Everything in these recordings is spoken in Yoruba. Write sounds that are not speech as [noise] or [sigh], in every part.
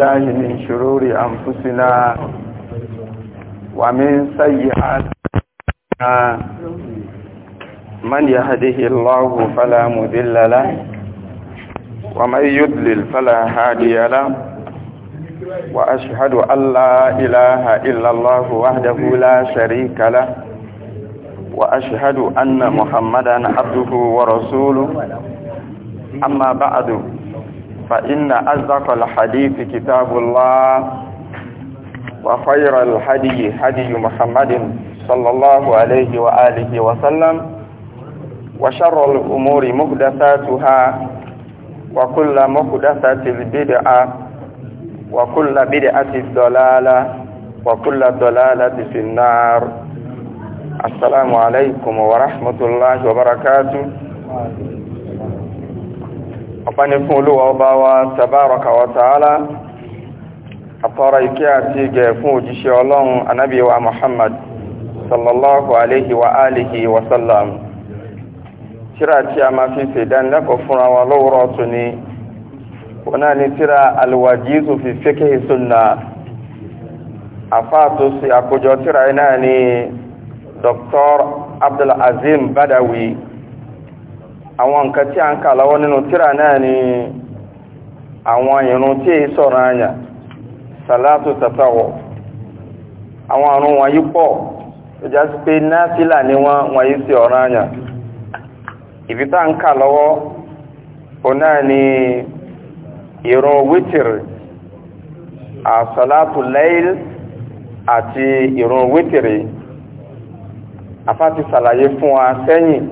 الله من شرور أنفسنا ومن سيئات من يهده الله فلا مذل له ومن يدلل فلا هادي له وأشهد أن لا إله إلا الله وحده لا شريك له وأشهد أن محمدا عبده ورسوله أما بعد فإن أصدق الحديث كتاب الله وخير الهدي هدي محمد صلى الله عليه وآله وسلم وشر الأمور محدثاتها وكل محدثة بدعة وكل بدعة ضلالة وكل ضلالة في النار السلام عليكم ورحمة الله وبركاته ọ̀pá ni fún olúwa ọba wa tabaraka wa ta'ala àtọ́rọ ìkẹ́ àti ìgẹ̀ fún òjíṣẹ́ ọlọ́run anábì wa muhammad sallallahu alaihi wa alihi wa sallam tíra tí a máa fi ṣe ìdánilẹ́kọ̀ọ́ fúnra wa lówùrọ̀ tún ni wọn náà ni tíra alwajizu fi fiqhi sunna àfáàtò sí àkójọ tíra náà ni dr abdulazim badawi àwọn nǹkan tí a ń kà lọ́wọ́ nínú tíra náà ni àwọn ìrun tí è sọ̀rọ̀ àyà sàlátù tàtàwọ̀ àwọn àrùn wọ̀nyí pọ̀ ìjá sí pé náàfílà ni wọ́n wọ̀nyí sí ọ̀rọ̀ àyà ibi ń kà lọ́wọ́ o náà ni ìrun wítìrì àsàlátù láìl àti ìrun wítìrì afá ti sàlàyé fún wa sẹ́yìn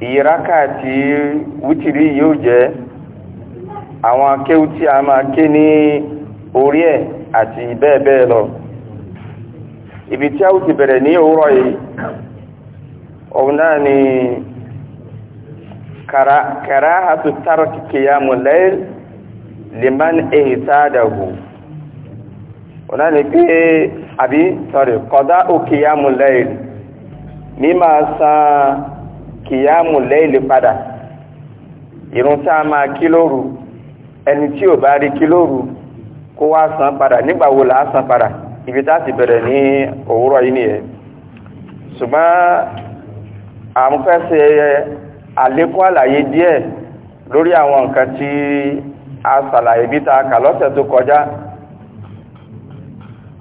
ìyíraka tí wítìrí yóò jẹ́ àwọn akéwù tí a máa ké ní orí ẹ̀ àti bẹ́ẹ̀ lọ ibi tí a ó ti bẹ̀rẹ̀ ní òwúrọ̀ yìí òun náà ni karahatu tarki qiyamul layl liman ihtadahu òun náà ni pé àbí sorry qada'u qiyamul layl mímọ̀ kìyàmù lẹ́ìlì padà ìrun tá a máa kí lóru ẹni tí ò bá rí kí lóru kó wá san padà nígbà là á san padà ibi tá a ti bẹ̀rẹ̀ ní òwúrọ̀ yìí nìyẹn ṣùgbọ́n àwọn fẹ́ ṣe àlékún àlàyé díẹ̀ lórí àwọn nǹkan tí a ṣàlàyé bí ta kà lọ́sẹ̀ tó kọjá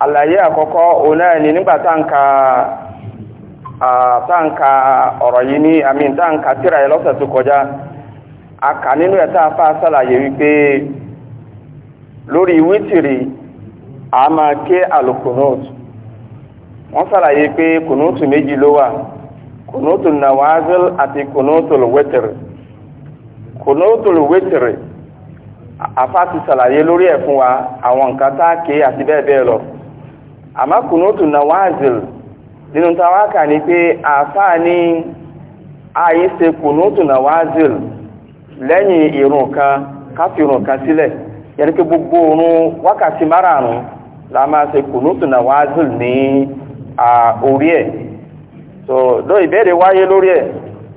àlàyé àkọ́kọ́ òun náà ni nígbà tá ka táǹkà ọ̀rọ̀ yìí ní àmì táǹkà tíra ẹ̀ lọ́sẹ̀ tó kọjá a kà nínú ẹ̀ táà fà sàlàyé wípé lórí wítìrì a máa ké àlùkùnúùtù wọ́n sàlàyé pé kùnúùtù méjì ló wà kùnúùtù nàwázìl àti kùnúùtù wẹ́tìrì kùnúùtù wẹ́tìrì àfà ti sàlàyé lórí ẹ̀ fún wa àwọn nǹkan táà ké àti bẹ́ẹ̀ bẹ́ẹ̀ lọ àmọ́ kùnúùtù nàwázìl nínú tàwákà ní pé àfáà ní ààyè ṣe kùnútù nàwázìl lẹ́yìn ìrun kan káfìrùn kan sílẹ̀ yẹni pé gbogbo oorun wákàtí márààrún la máa ṣe kùnútù nàwázìl ní orí ẹ̀ so ló ìbéèrè wáyé lórí ẹ̀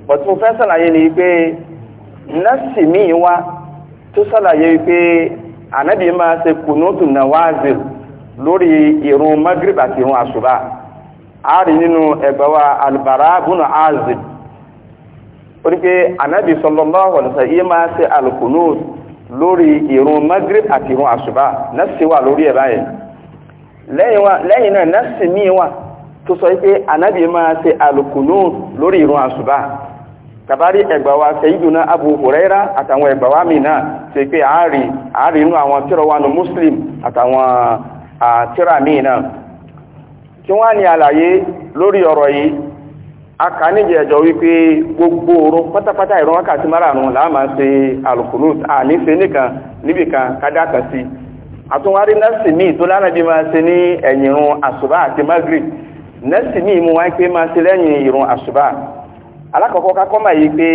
bọ̀tún fẹ́ sàlàyé ni pé nọ́ọ̀sì míì wá tó sàlàyé pé ànábì máa ṣe kùnútù lórí magrib àti àṣùbà ààrí nínú ẹgbẹ̀wà albara bùnà azib anabi sallallahu alaihi wasallam máa ṣe alkunut lórí ìrun magrib àti ìrun àṣùbà nẹ́sì wà lórí ẹ̀ báyìí lẹ́yìn náà nẹ́sì míì wà tó sọ pé anabi máa ṣe lori lórí ìrun àṣùbà kabari ẹgbàwa sẹ́yìdùnà abu huraira àtàwọn ẹgbàwa mìíràn ṣe pé ààrí ààrí inú àwọn tírọwánu muslim kí wọ́n á ní àlàyé lórí ọ̀rọ̀ yìí a kà níjẹ̀ gbogbo oorun pátápátá ìrun wákàtí márààrún la máa ń ṣe alukunut àníṣe nìkan kádà kan sí àtúnwárí nẹ́ẹ̀sì míì tó lára bí máa ṣe ní ẹ̀yìn irun àṣùbà àti magrib nẹ́ẹ̀sì míì mú wáyé pé máa ṣe lẹ́yìn irun àṣùbà alákọ̀ọ́kọ́ máa yí pé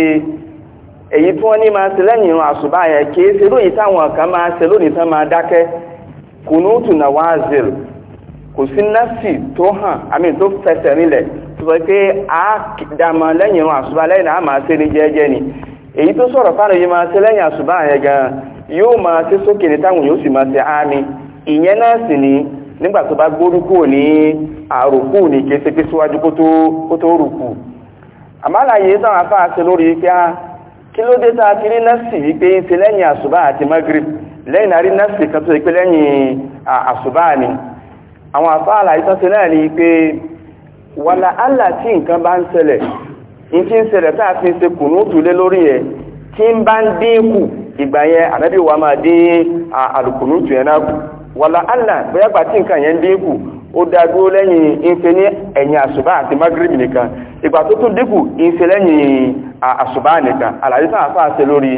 èyí tí wọ́n ní máa ṣe lẹ́yìn irun àṣùbà yẹn kì í ṣe táwọn kan máa kò sí nọ́ọ̀sì tó hàn àmì tó fẹsẹ̀ rinlẹ̀ tó sọ pé a dàmọ́ lẹ́yìn irun àṣùbà lẹ́yìn náà máa ṣe ní jẹ́ẹ́jẹ́ ni èyí tó sọ̀rọ̀ fáàrọ̀ yìí máa ṣe lẹ́yìn àṣùbà yẹn gan yóò máa ṣe sókè ní táwọn yóò sì máa ṣe ámì ìyẹn náà sì ni nígbà tó bá gbórí kúrò ní àròkù ní kése pé síwájú kó tó rùkù táwọn ṣe lórí pé a ah, kí ló dé tá a ti rí nọ́ọ̀sì yìí pé ṣe lẹ́yìn àṣùbà àti magrib lẹ́yìn àwọn àfáàlà ìtọ́sí náà ni pé wàlà Allah tí nǹkan bá ń ṣẹlẹ̀ in ti ń ṣẹlẹ̀ tá a fi ṣe kùnú òtúlé lórí ẹ̀ tí ń bá ń dínkù ìgbà yẹn ànábì wa máa dín àlùkùnú tù yẹn náà kù wàlà Allah bóyá gbà tí nǹkan yẹn dínkù ó dádúró lẹ́yìn ìṣe ní ẹ̀yìn àṣùbá àti magrib nìkan ìgbà tó tún dínkù ìṣe lẹ́yìn àṣùbá nìkan àlàyé tá fà ṣe lórí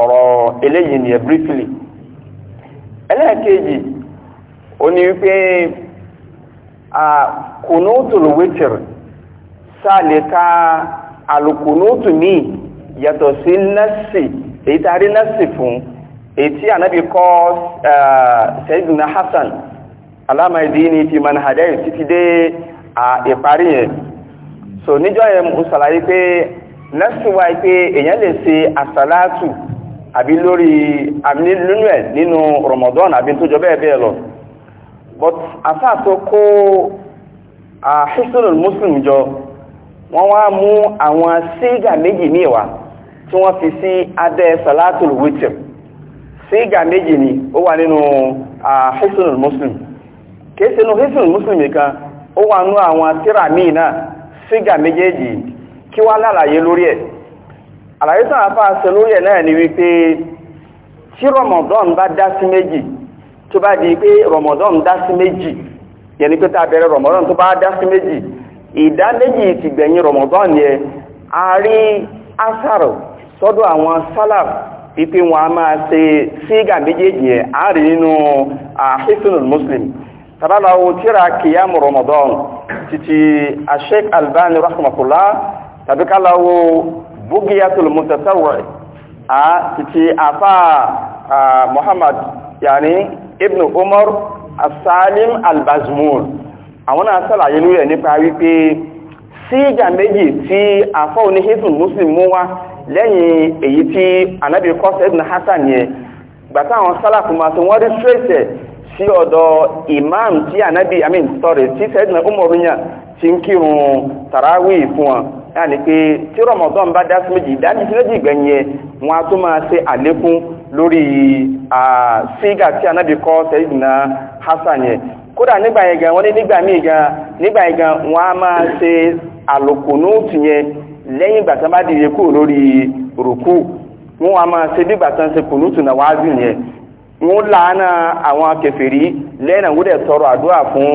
ọ̀rọ̀ eléyìí nìyẹn briefly ẹlẹ́ẹ̀kejì ó ní wípé kùnúùtù lùwítìrì sáàlẹ̀ká alùkùnúùtù míì yàtọ̀ sí nẹ́sì èyí tàrí nẹ́sì fún èyí tí kọ́ Sayyidina Hassan alámàdí ní ti manhajẹ́ títí dé ìparí yẹn so níjọ́ yẹn mú sàlàyé pé nẹ́sì wáyé pé èyàn lè ṣe àsàlátù àbí lórí àmì lónú ẹ̀ nínú Ramadan àbí tó jọ bẹ́ẹ̀ bẹ́ẹ̀ lọ but àfáàtọ́ kó àhísọ́rọ̀ muslim jọ wọ́n wá mú àwọn sígà méjì ní ìwà tí wọ́n fi sí adẹ́ salatul witr sígà méjì ni ó wà nínú àhísọ́rọ̀ muslim kéèsì inú hísọ́rọ̀ muslim nìkan ó wà nú àwọn tíra míì náà sígà méjèèjì kí wá lálàyé lórí ẹ̀ àlàyé tó àfáà sọ lórí ẹ̀ náà ni wípé tí rọmọdọ́n bá dá sí méjì tó bá di pé rọmọdán dá sí méjì yẹni pé tá a bẹ̀rẹ̀ rọmọdán tó bá dá sí méjì ìdá méjì ti gbẹ̀yìn rọmọdán yẹn a rí asaro sọ́dọ̀ àwọn salaf ipe wọn a máa ṣe sígà méjèèjì yẹn a rí nínú àhísùnul muslim tabalawo tíra kìyàmù rọmọdán títí Sheikh Albani rahmatullah tàbí kalawo bugiyatul mutasawwi a títí afa muhammad yàní ibn umar asalim albazmur àwọn náà sàlàyé lórí ẹ̀ nípa wípé síjà méjì tí afọ́ oníhìsùn muslim mú wá lẹ́yìn èyí tí anábì kọ́sẹ̀ ibn hassan yẹn gbàtà àwọn sálàfù máa tó wọ́n rí tírèsẹ̀ sí ọ̀dọ̀ imam tí anábì amin sorry tí sẹ́dùn umar yẹn ti ń kírun tarawih fún wọn yàni pé tí rọmọdọ́n bá dá sí méjì ìdánisí méjì wọn a tó máa ṣe àlékún lórí sígà tí anábì kọ́ sẹ́yìnà hasan yẹn kódà nígbà yẹn gan wọ́n ní nígbà míì gan nígbà yẹn gan wọ́n a máa ṣe lẹ́yìn ìgbà tí bá dìde kú lórí rùkú a máa ṣe tí ṣe yẹn làánà àwọn fún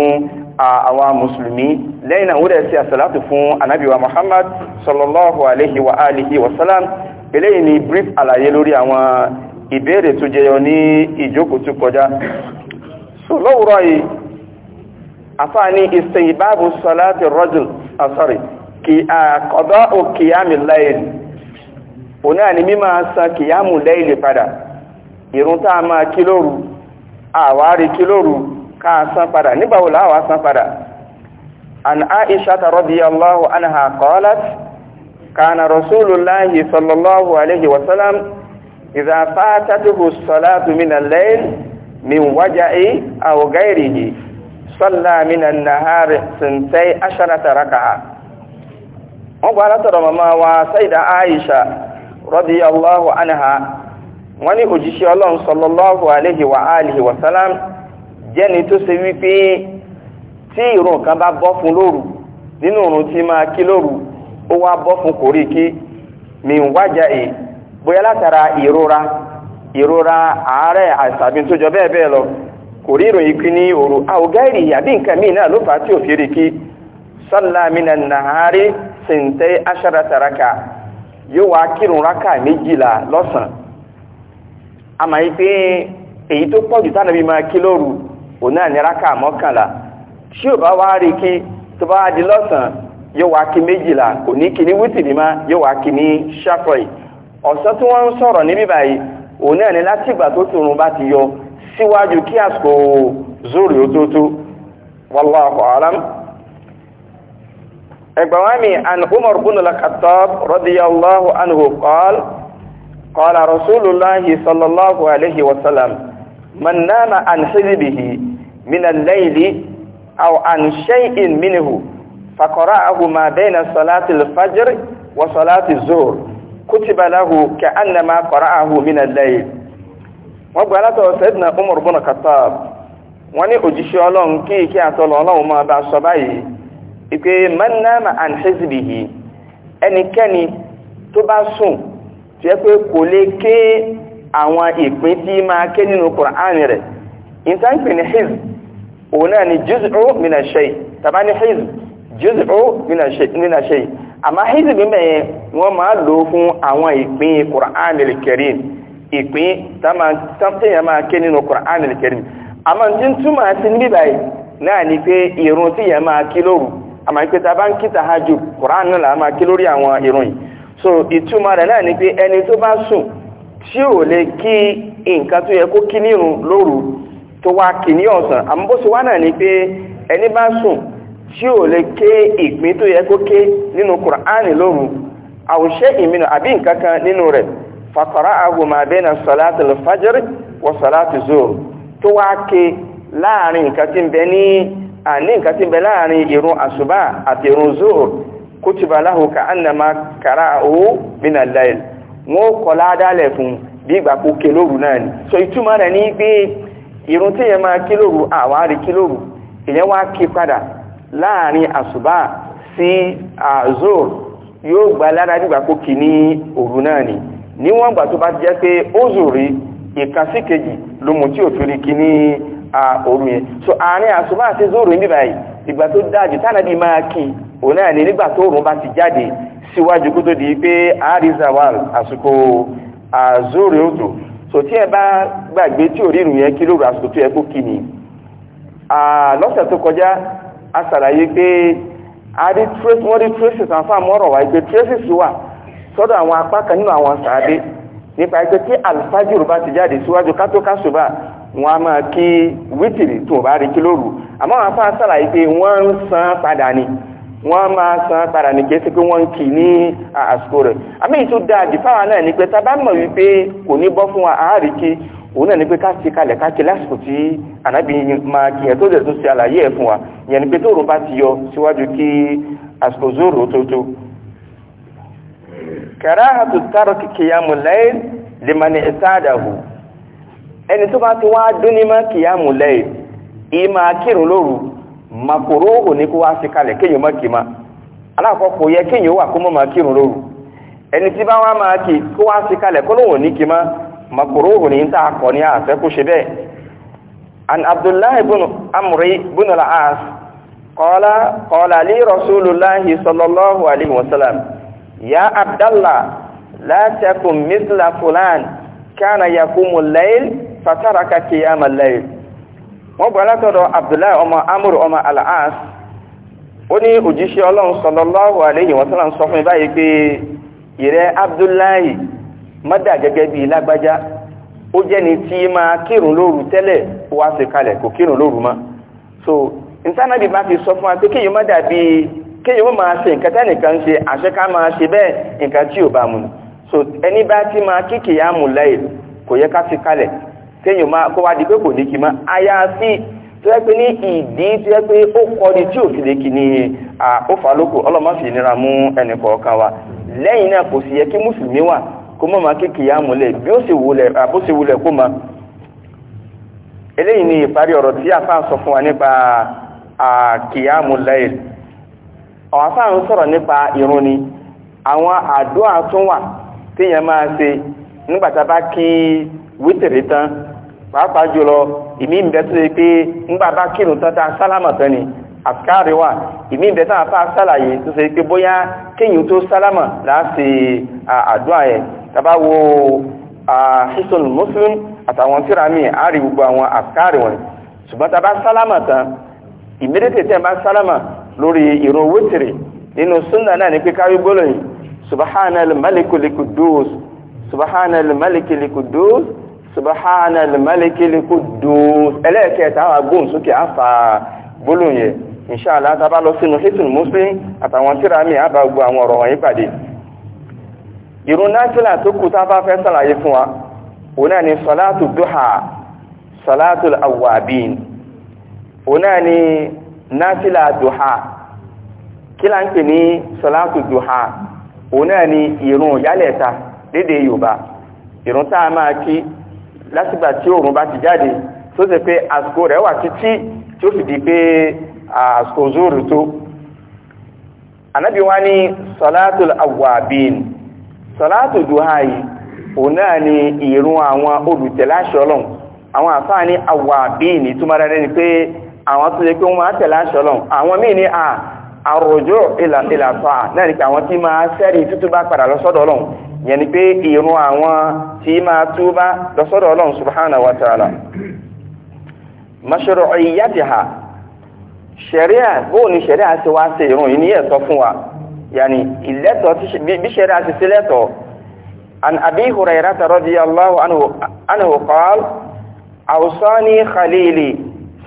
àwa mùsùlùmí lẹ́yìn náà wúdẹ̀ sí àsàlátù fún anábìwa muhammad sallallahu alaihi wa alihi wa salam eléyìí ni brief àlàyé lórí àwọn ìbéèrè tó jẹyọ ní ìjókòó tó kọjá so lówùrọ̀ yìí afá ní istihbabu salati rajul asari ah, kí àkọ́dọ́ ò kìyàmì láìlì òní àní mímọ̀ san kìyàmù láìlì padà ìrun tá a máa kí lóru ká san padà nígbàwò láwàá san padà an aisha ta radiyallahu anha qalat kana rasulullahi sallallahu alaihi wasallam idha fatatuhu salatu min al-layl min waja'i aw ghayrihi salla min an-nahari sintai asharata raka'a wọ́n gba látọ̀rọ̀ mama wa saida aisha radiyallahu anha wọ́n ní òjíṣẹ́ ọlọ́run sallallahu alaihi wa alihi wasallam jẹ́ni tó ṣe wípé tí ìrun kan bá bọ́ fún lóru nínú ìrun tí máa kí lóru ó wá bọ́ fún kò rí kí mi ń wájà è bóyá látara ìrora ìrora àárẹ̀ àìsàbí tó jọ bẹ́ẹ̀ bẹ́ẹ̀ lọ kò rí ìròyìn kí ní òru àwògáìrì àbí nǹkan míì náà ló fà á tí ò fi rí kí sọ́lá mina nàhárí sèǹtẹ́ aṣárataraka yóò wá kírun rákà méjìlá lọ́sàn-án àmọ́ yìí pé èyí tó pọ̀jù tánàbí máa kí lóru òun náà ní rákà mọ́kànlá tí ò bá wá rí kí tó bá di lọ́sàn yóò wá kí méjìlá kò ní kí ní wítìrì má yóò wá kí ní ṣàfọ̀ì ọ̀sán tí wọ́n ń sọ̀rọ̀ níbí báyìí òun náà láti ìgbà tó tòrùn bá ti yọ síwájú kí àsìkò zórí ó tó tó wallahu alam ẹgbàwámi an من الليل أو عن شيء منه فقرأه ما بين صلاة الفجر وصلاة الظهر كتب له كأنما قرأه من الليل وقالت سيدنا عمر بن الخطاب wọ́n ní òjíṣẹ́ ọlọ́run kí kí àtọ́lọ́ ọlọ́run máa bá sọ báyìí ìpè mọ́nàmà and hezbihi ẹnikẹ́ni tó bá sùn tí ẹ pé kò lè ké àwọn ìpín tí máa ké nínú kùránì rẹ̀ ìtànkì ní hezbi òun ni juz'u mina shay tàbá hizb juz'u mina shay àmá hizb mẹ́yẹn wọ́n ma lò fún àwọn ìpín Qur'an al-Karim Qur'an al-Karim àmá tí túmọ̀ sí ní bíbáyìí náà ni pé ìrun tí yẹn ma kí lóru àmá ìpé tàbá ń kí Qur'an náà là máa kí so ituma ni tó wá kì ní ọ̀sán náà ni pé ẹni bá sùn tí ò lè ké ìpín tó yẹ kó ké nínú kùránì lóru àwòṣe ìmìnà àbí nǹkan kan nínú rẹ̀ fàkọ̀rá àgùnmọ̀ àbẹ́nà sọ̀láàtì wọ sọ̀láàtì zoro tó wá ké láàrin nǹkan tí bẹ ní àní nǹkan tí bẹ láàrin irun àṣùbà àti ìrun zoro kútùbà láhùn ká ànàmà kàrà owó láìl wọn so ìtumọ̀ rẹ̀ ní irun tí yẹn máa kílòrù àwọn àrí kílòrù èyàn wá kí padà láàrin àṣùbà sí àzòr yóò gba lára nígbà kó kì ní òru náà ni níwọ̀n gbà tó bá jẹ́ pé ó zòrí ìkàsí kejì ló mú tí ò fi rí kí ní òru yẹn so àárín àṣùbà àti zòrò níbi báyìí ìgbà tó dájú tánàbí máa kí òun náà ni nígbà tó òrùn bá ti jáde síwájú kó tó di pé àárí zawal àsìkò àzòrò òtò sòtí ẹ bá gbàgbé tí òrí ìrùn yẹn kí ló rà sòtú ẹ kó kí ni lọ́sẹ̀ tó kọjá a ṣàlàyé pé wọ́n rí traces àǹfààní ọ̀rọ̀ wáyé pé traces wà sọ́dọ̀ àwọn apá kan nínú àwọn sàádé nípa ẹgbẹ́ tí alifájúrù bá ti jáde síwájú kátó kásùbà wọn a máa kí wítìrì tó bá rí kí lóru àmọ́ àwọn afá ṣàlàyé pé wọ́n ń san padà ni wọ́n máa san padà ní kéésì pé wọ́n ń kì ní àsìkò rẹ̀ àmì ìtú da àdìfáwà náà ni pé tábà mọ̀ wípé kò ní bọ́ fún wa àárí kí òun náà ni pé ká ti kalẹ̀ ká ti lásìkò tí ànábì máa kí yẹn tó dẹ̀ tún ṣe àlàyé ẹ̀ fún wa yẹn ni pé tóòrò bá ti yọ síwájú kí àsìkò zóòrò tó tó. kẹ̀rẹ́ àtò tààrọ kìkìyàmù lẹ́yìn lèmọ̀nì ìsáàdàhù ẹni tó bá ti wá dún ní má kìyàmù lẹ́yìn ìmọ̀ akírun lóru makoro òní kó wá sí kalẹ̀ kéèyàn má kì í ma alákọ̀ọ́ kò yẹ kéèyàn wà kó mọ́ máa kírun lóru ẹni tí bá wá máa kì kó wá sí kalẹ̀ kó lóun òní kì ma makoro òní ń tà kọ́ ní àṣẹ kó ṣe bẹ́ẹ̀ an abdullahi bin amri bin al-as qala li rasulullahi sallallahu alayhi wa ya abdallah la takun mithla fulan kana yakumu al-layl fataraka qiyam al-layl wọ́n gbà látọ̀dọ̀ abdullahi ọmọ amúrù ọmọ al'as ó ní òjíṣẹ́ ọlọ́run sallallahu alayhi wa sallam sọ fún ìbáyìí pé ìrẹ́ abdullahi mọ́dà gẹ́gẹ́ bí lágbájá ó jẹ́ni tí máa kírun lóru tẹ́lẹ̀ wá sí kalẹ̀ kò kírun lóru mọ́ so ìtànàbí bá fi sọ fún wa pé kéèyàn má dàbí kéèyàn máa ṣe nǹkan tẹ́nìkan ń ṣe àṣẹ ká máa ṣe bẹ́ẹ̀ nǹkan tí ò bá mu so ẹni bá ti máa kíkì yá mú láì kò yẹ ká fi kalẹ̀ kéèyàn máa kó wá di pé kò ní kí mọ́ àyàfi tó yẹ pé ní ìdí tó pé ó kọ́ ni tí ò fi lè kí ni ó fà lóko fi nira mú ẹnì kọ̀ọ̀kan wa lẹ́yìn náà kò sì yẹ kí mùsùlùmí wà kó mọ̀ máa kéèkì yá bí ó sì wulẹ̀ àbó sì wulẹ̀ kó eléyìí ni ìparí ọ̀rọ̀ tí àfà ń sọ fún wa nípa àkìyàmù lẹ́yìn ń sọ̀rọ̀ nípa ni àwọn máa ṣe bá kí wítìrì tán pàápàá jùlọ ìmí ń bẹ tó ṣe pé ńgbà bá kírun tán tá a tán ni àfikáàrí wà ìmí ń bẹ tá a sálàyé tó ṣe pé bóyá tó láti àdúrà tàbá wo hisan muslim àtàwọn tíra tiramie á rí gbogbo àwọn àfikáàrí wọn ṣùgbọ́n ba salama tán ìmídìtì tẹ̀ bá sálámà lórí nínú súnà náà pé káwé subahana malik subahana malikili kudus ẹlẹ́ẹ̀kẹta àwọn agbóhùnsókè àfà gbólóhùn yẹn inṣàlá tábà lọ sínú hitun muslim àtàwọn tíra mi àbá gbogbo àwọn ọ̀rọ̀ wọ̀nyí pàdé ìrun náfìlà tó kù tábà fẹ́ sàlàyé fún wa òun náà ni sọláàtù duha sọláàtù awàbíin òun náà ni náfìlà duha kí là ń duha òun náà ni ìrun yálẹ̀ta lédè yorùbá ìrun máa kí látìgbà tí oòrùn bá ti jáde tó ṣe pé àsìkò rẹ̀ wà títí tí ó fi di pé àsìkò zóòrù tó anábì wá ní sọlátù awwabin sọlátù duha yìí òun náà ni ìrun àwọn olùtẹ̀láṣẹ ọlọ́run àwọn àfáà ní awwabin ìtumọ̀ rẹ̀ ni pé àwọn tó yẹ pé wọ́n máa tẹ̀láṣẹ àwọn míì ní àròjò ìlàfà náà ni pé àwọn tí máa sẹ́rí tútù bá padà lọ sọ́dọ̀ ọlọ́run yẹn ni pé ìrun àwọn tí máa túbá lọ́sọ́dọ̀ ọlọ́run subhanahu wa ta'ala mashru'iyyatiha ṣẹ̀ríà bóò ni ṣẹ̀ríà ti wá sí ìrun yìí ní ẹ̀tọ́ fún wa yàní ìlẹ́tọ̀ bí ṣẹ̀ríà ti sí lẹ́tọ̀ an abi hurairata radiyallahu anhu qala awsani khalili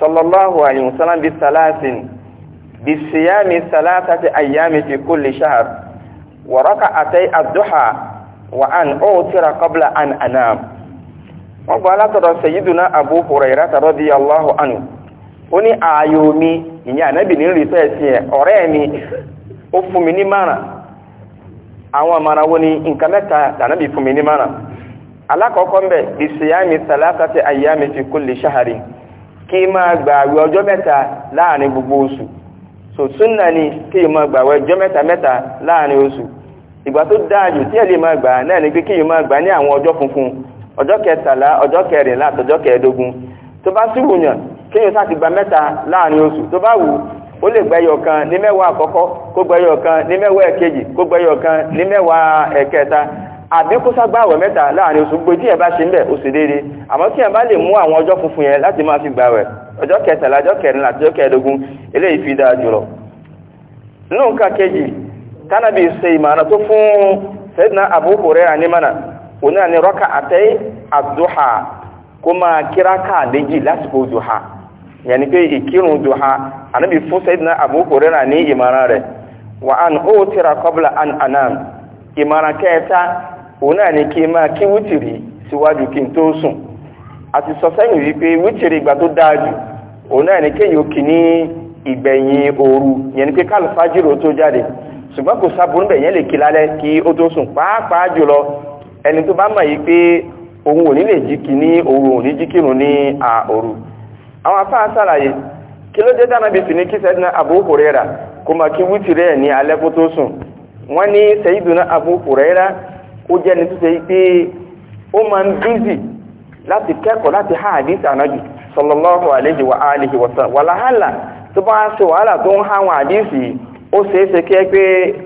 sallallahu alaihi wasallam bi salasin bi siyami salatati ayyami fi kulli shahr wa raka'atay ad wa an ó tíra kọ́bla án anam wọ́n gba látọ̀dọ̀ sayyiduna abu hurairah radiyallahu anhu ó ní ààyò mi ìyẹn ànábì ní rí fẹ́ sí ẹ ọ̀rẹ́ mi ó fún mi ní mara àwọn àmàrà wo ni nǹkan mẹ́ta ànábì fún mi ní mara alákọ̀ọ́kọ́ mbẹ̀ bí siyami salasati ayyami fi kulli shahari kí máa gbààwẹ̀ ọjọ́ mẹ́ta láàrin gbogbo oṣù so súnà ni kí máa gbààwẹ̀ ọjọ́ mẹ́ta mẹ́ta láàrin oṣù ìgbà tó dáàjù tí ẹ lè máa gbà náà ni pé kí yìí máa gbà ní àwọn ọjọ́ funfun ọjọ́ kẹtàlá ọjọ́ kẹrìnlá àtọjọ́ kẹẹ̀ẹ́dógún tó bá sì wùyàn kí yìí sáti gba mẹ́ta láàrin oṣù tó bá wù ó lè gbẹyọ kan ní mẹ́wàá àkọ́kọ́ kó gbẹyọ kan ní mẹ́wàá ẹ̀kejì kó gbẹyọ kan ní mẹ́wàá ẹ̀kẹta àbí kó ságbàwẹ̀ mẹ́ta láàrin oṣù gbogbo tí bá ṣe ń bẹ̀ oṣù déédéé àmọ́ tí yẹn bá lè mú àwọn ọjọ́ funfun yẹn láti máa fi gbàwẹ̀ ọjọ́ kẹtàlá ọjọ́ kẹrìnlá àtọjọ́ kẹẹ̀ẹ́dógún eléyìí fi dáa jùlọ nínú nǹkan kejì tanabi sai mana to fún sayyidina abu hurairah ni mana oni ani raka'atay ad-duha kuma kiraka méjì lásìkò duha yani pé ìkírun duha anabi fún sayyidina abu hurairah ni ìmọ̀ràn rẹ̀ wa an utira qabla an anam ìmọ̀ràn kẹta oni ani ke ma kí wutiri síwájú kí n tó sùn àti sọ sẹ́yìn wí pé wutiri ìgbà tó dájú oni ani ke yo kini ìgbẹ̀yìn òru yani pé kalfajiro tó jáde ṣùgbọ́n kò sábò níbẹ̀ yẹn lè kí lálẹ́ kí ó tó sùn pàápàá jùlọ ẹni tó bá mọ̀ yìí pé òun ò lè jí ní òru ò ní jí ní àòru àwọn afáà sàlàyé kí ló dé dáná bí fìní kí sẹ́dínà Abu Huraira kó máa kí wítìrẹ́ ẹ̀ ní alẹ́ kó tó sùn wọ́n ní keko lati ha ó jẹ́ ní túnṣe pé ó máa ó ṣe é ṣe kí ẹ pé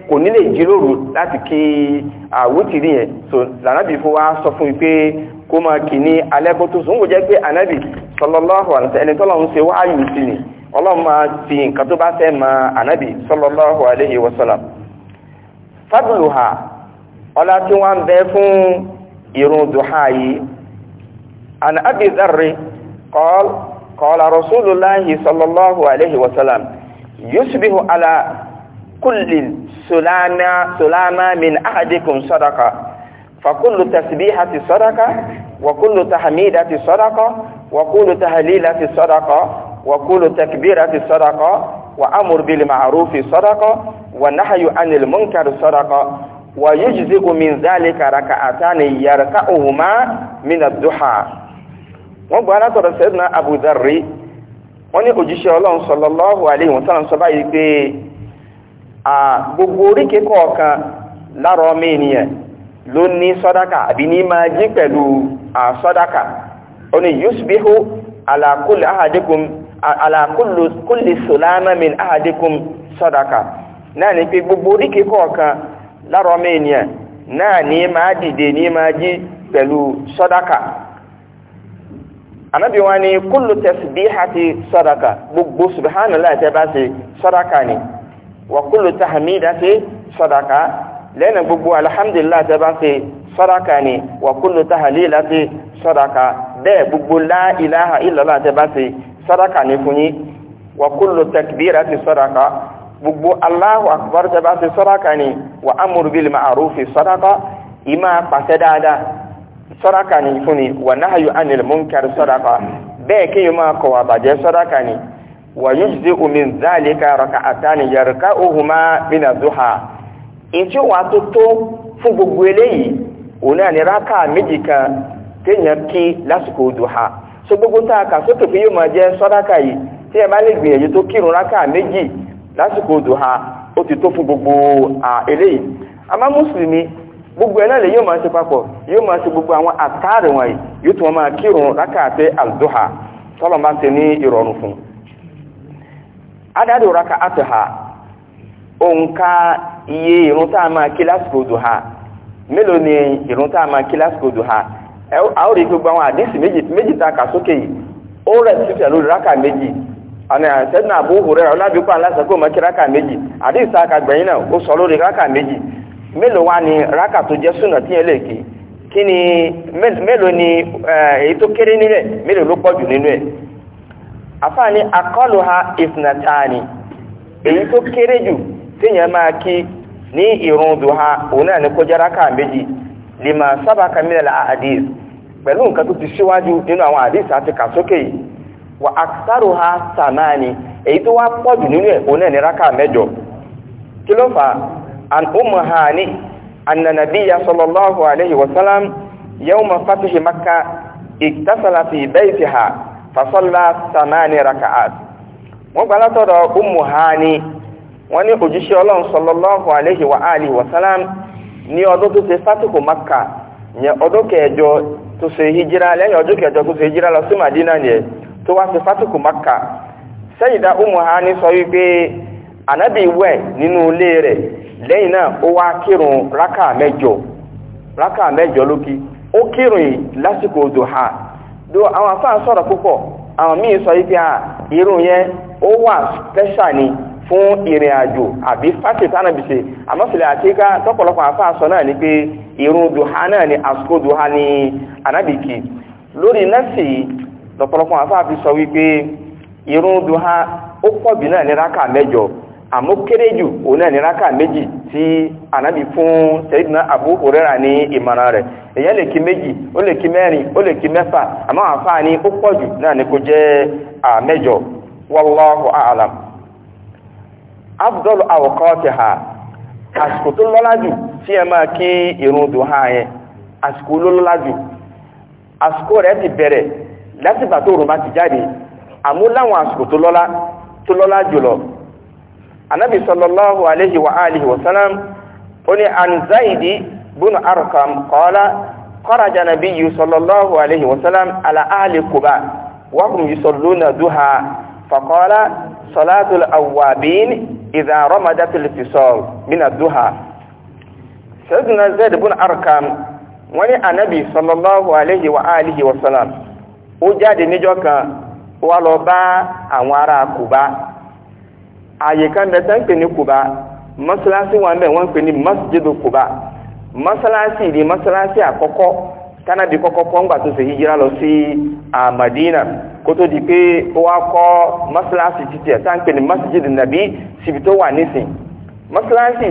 kò ní lè jíròrò láti kí àwítìrí yẹn so lànàbì fún wa sọ fún pé kó máa kì ní alẹ́ kó tó sùn kò jẹ́ pé ànábì sallallahu alaihi wasallam ẹni tọ́lọ́run ṣe wáyù sí ni ọlọ́run máa fi nǹkan tó bá fẹ́ ma ànábì sallallahu alaihi wasallam fadluha ọlá tí wọ́n ń bẹ fún ìrun duha yìí an abi dharri qala qala rasulullahi sallallahu alaihi wasallam yusbihu ala kullin sulama sulama min ahadikum sadaqa fa kullu tasbihati sadaqa wa kullu tahmidati sadaqa wa kullu tahlilati sadaqa wa kullu takbirati sadaqa wa amr bil ma'rufi sadaqa wa nahyu anil munkar sadaqa wa yujzigu min zalika raka'atan yarka'uhuma min ad-duha wọ́n gbara to sayyidina abu dharri wọ́n ní òjíṣẹ́ Ọlọ́hun sallallahu alaihi wasallam sọ pé gbogbo oríkè kọ̀ọ̀kan lára ọmọ ènìyàn ló ní sọ́dáka àbí ní máa jí pẹ̀lú sọ́dáka ó ní yusbihu ala kulli ahadikum ala kulli sulama min ahadikum sọ́dáka náà ní pé gbogbo oríkè kọ̀ọ̀kan lára ọmọ ènìyàn náà ní máa dìde ní máa jí pẹ̀lú sọ́dáka anabi wa kullu tasbihati sọ́dáka gbogbo subhanallah tẹ́ bá ṣe sọ́dáka ni wa kullu tahmidati sadaqa lẹ́nu gbogbo alhamdulilah tẹ́ bá ń ṣe sadaqa ni wa kullu tahlilati sadaqa bẹ́ẹ̀ gbogbo la ilaha illallah tẹ́ bá ń ṣe sadaqa ni fún yín wa kullu takbirati sadaqa gbogbo aláhu akbar tẹ́ bá ń ṣe sadaqa ni wa amru bil ma'rufi sadaqa ìmá pàṣẹ dáadáa sadaqa ni fún ni wa nahyu anil munkar sadaqa bẹ́ẹ̀ kéèyàn máa kọ̀ wà bàjẹ́ sadaqa ni. ويجزئ من ذلك ركعتان يركعهما من الضحى ìtí ó wà tó tó fún gbogbo eléyìí òun náà ní rákà méjì kan téèyàn kí lásìkò dùhà so gbogbo tá a kà sókè jẹ sọdáka yìí tí ẹ bá lè gbìyànjú tó kírun rákà méjì lásìkò dùhà ó ti gbogbo eléyìí àmọ́ gbogbo adadu raka'atuha òǹkà iye ìrun tá a máa kí lásìkò duha mélòó ni ìrun tá a máa kí lásìkò duha a ó a, gbogbo àwọn àdísì méjì méjì a kà sókè yìí ó rẹ̀ títẹ̀ lórí rákà méjì àmì àṣẹ́dínà Abu Hurairah ọlábíkọ́ aláṣẹ́kọ́ mọ́kí rákà méjì àdísì àkàgbẹ̀yìn náà ó sọ lórí rákà méjì mélòó wá ni rákà tó jẹ́ súnà tí yẹn lè kí ni mélòó ni èyí tó kéré nílẹ̀ mélòó ló pọ̀ jù nínú ẹ̀ àfáà ní akọlù ha ìfìnàtàní èyí tó kéré jù téèyàn máa kí ní ìrun duha òun náà ní kó jẹ́ rákà méjì lima sábàkà mílẹ̀ àdìs pẹ̀lú nǹkan tó ti síwájú nínú àwọn àdìs àti kàsókè yìí wà àkàrò ha sàmáàni èyí tó wá pọ̀jù nínú ẹ̀ òun náà ní rákà mẹ́jọ kí ló fà an umu hani annanabiya sallallahu alaihi wasallam yawma fatihi makka iktasala fi baytiha fasọ́lá samani rakaat wọ́n gbà látọ̀dọ̀ umu hani wọ́n ní òjíṣẹ́ ọlọ́run sọlọ́lọ́hù aléhi wa ali wasalam ní ọdún tó ṣe fatihu makka ní ọdún kẹjọ tó ṣe hijira lẹ́yìn ọdún kẹjọ tó ṣe hijira lọ sí madina yẹn tó wá ṣe fatihu makka sẹ́yìdá umu sọ wípé anabi wẹ̀ nínú ilé rẹ̀ lẹ́yìn náà ó wá kírun rákà mẹ́jọ rákà mẹ́jọ lókì ó kírun yìí lásìkò duha do awon afa soro pupo awon mi so yi pe ah irun yen o wa special ni fun irin ajo abi fasi tana bi se amo sele atika tokolo afa so na ni pe irun duha na ni asko duha ni anabiki lori nasi tokolo kwa afa bi so wi pe irun duha o ko bi na ni raka mejo amo kereju o na ni raka meji tí ànábì fún sẹ́yìdìnà Abu Hurairah ní ìmọ̀ràn rẹ̀ èyàn lè kí méjì ó lè kí mẹ́rin ó lè kí mẹ́fà àmọ́ àǹfààní ó pọ̀ jù náà ní jẹ́ àmẹ́jọ wallahu a'lam afdalu awqatiha àsìkò tó lọ́lá jù tí ẹ máa kí ìrun ha yẹn àsìkò ló lọ́lá jù àsìkò rẹ̀ ti bẹ̀rẹ̀ látìgbà tó ti jáde àmúláwọn àsìkò tó lọ́lá anabi sallallahu alayhi wa alihi wa sallam ó ní anzaidi bunu arkam qala kharaja nabiyyu sallallahu alayhi wa sallam ala ahli quba wa hum yusalluna duha faqala salatul awwabin idha ramadat al-fisal min ad-duha sayyidina zaid ibn arkam wani anabi sallallahu alayhi wa alihi wa sallam ó jáde níjọ́ kan wá lọ bá àwọn ará Kùbá àyè kan bẹ tán pè ní Kuba mọ́sálásí wọn bẹ pè ní masjidu Kuba mọ́sálásí ni mọ́sálásí àkọ́kọ́ tánàbí kọ́kọ́ tó ṣe lọ sí Madina kótó di pé ó kọ́ mọ́sálásí títí ẹ̀ tán pè ní masjidu Nabi síbi tó wà nísìn mọ́sálásí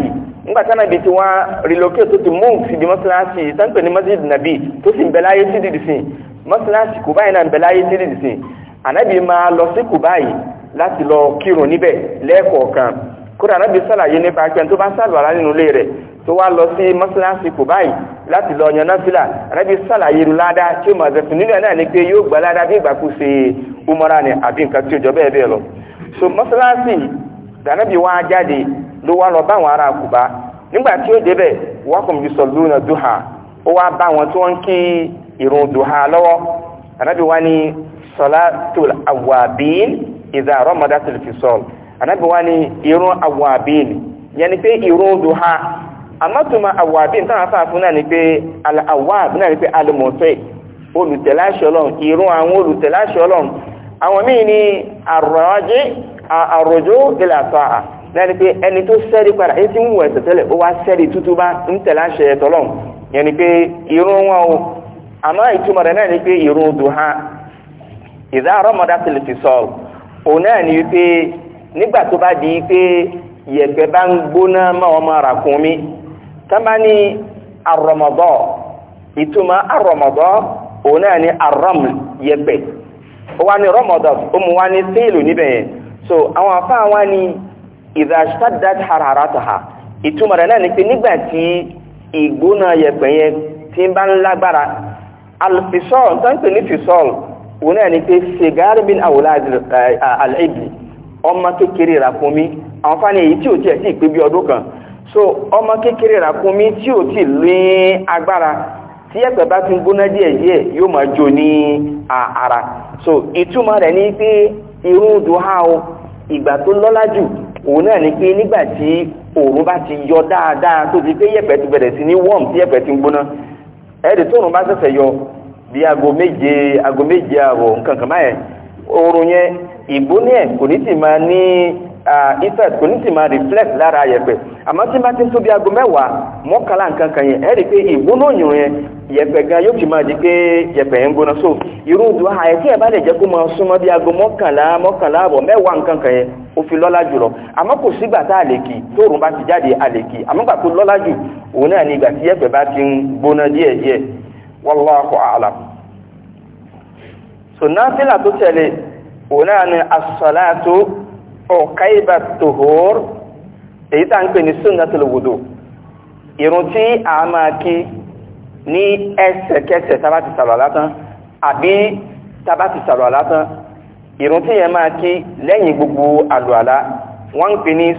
relocate tó ti mú síbi mọ́sálásí tán pè ní masjidu Nabi tó sì ń Kuba yìí náà láti lọ kírun níbẹ̀ lẹ́ẹ̀kọ̀ọ̀kan kódà rẹ́bí sàlàyé nípa pé tó bá nínú ilé rẹ̀ tó wá lọ sí mọ́sálásí kò báyìí láti lọ yan náfìlà rẹ́bí sàlàyé irú ládá tí ó máa zẹ̀sùn nílẹ̀ náà yóò gba ládá bí ìgbà kú umara ni àbí nǹkan tí ó jọ bẹ́ẹ̀ bẹ́ẹ̀ lọ so mọ́sálásí wá jáde ló wá lọ báwọn ará Kùbá nígbà tí ó débẹ̀ ìzà rọmọdá tìlìfìsọ́ọ̀lù anábì wá ní irun awàbíìn yẹni pé irun duha amátùmá awàbíìn táwọn afáàfin náà ni pé awàbí náà ni pé alùmọ̀tẹ́ olùtẹ̀láṣẹ ọlọ́run irun àwọn olùtẹ̀láṣẹ àwọn míì ní àròjé àròjó ilẹ̀ àtọ́ à náà ni pé ẹni tó sẹ́rí padà etí ń wù ẹ̀sẹ̀ tẹ́lẹ̀ ó wá sẹ́rí tutuba bá ń tẹ̀láṣẹ ẹ̀tọ́lọ́run yẹni pé irun wọn o àmọ́ ìtumọ̀ rẹ̀ náà ni pé irun duha ìdá rọmọdá tìlìfìsọ́ọ̀lù òun náà ni wípé nígbà tó bá di wípé yẹ̀pẹ̀ bá ń gbóná mọ́ ọmọ ràkúnmí tábà ní arọmọbọ ìtumọ̀ arọmọbọ òun náà ni arọmù yẹ̀pẹ̀ ó wá ní rọmọdọ ó mú wá ní sílù níbẹ̀ yẹn so àwọn afáà wá ní ìdàṣàdàt hararataha ìtumọ̀ rẹ̀ náà ni pé nígbà tí ìgbóná yẹ̀pẹ̀ yẹn ti bá ń lágbára alfisọ́ọ̀l tó ń pè ní fisọ́ọ̀l òun náà ni pé ṣègáàrí bin àwòlá àlẹ́bì eh, ọmọ kékeré ràkúnmí àwọn fáni èyí tí ò tí ẹ̀ sí ìpé ọdún kan so ọmọ kékeré ràkúnmí tí ò tí lé agbára tí ẹ̀pẹ̀ bá ti ń gbóná díẹ̀ díẹ̀ yóò máa jó ní ara so ìtumọ̀ rẹ̀ ni pé irun duha o ìgbà tó lọ́lá jù òun náà ni pé nígbà tí òòrùn bá ti yọ dáadáa tó ti pé yẹ̀pẹ̀ ti bẹ̀rẹ̀ sí ní wọ́ọ̀mù tí yẹ̀pẹ̀ ti ń gbóná ẹ̀ẹ́dì tóòrùn bá ṣẹ̀ṣẹ̀ yọ bí aago méje aago méje ààbọ̀ nǹkan kan báyẹn oorun yẹn kò ní ti máa ní effect kò ní ti máa reflect lára tó bí aago mọ́kànlá nǹkan kan i pé ìgbóná òyìnbó yẹn gan yóò ti máa di pé yẹn ń gbóná so irú tí bá lè kó máa bí aago nǹkan kan yẹn ó fi lọ́lá jùlọ kò sígbà tá a lè kì bá ti jáde a lè kì gbà tó lọ́lá jù òun wallahu a'lam so náfílà tó tẹ̀lé òun náà ni as-salatu uqayba at-tuhur èyí tá ń pè ní sunnatul wudu irun tí a máa kí ní ẹsẹ̀kẹsẹ̀ tá bá ti sàlọ̀ látán àbí tá bá ti sàlọ̀ látán irun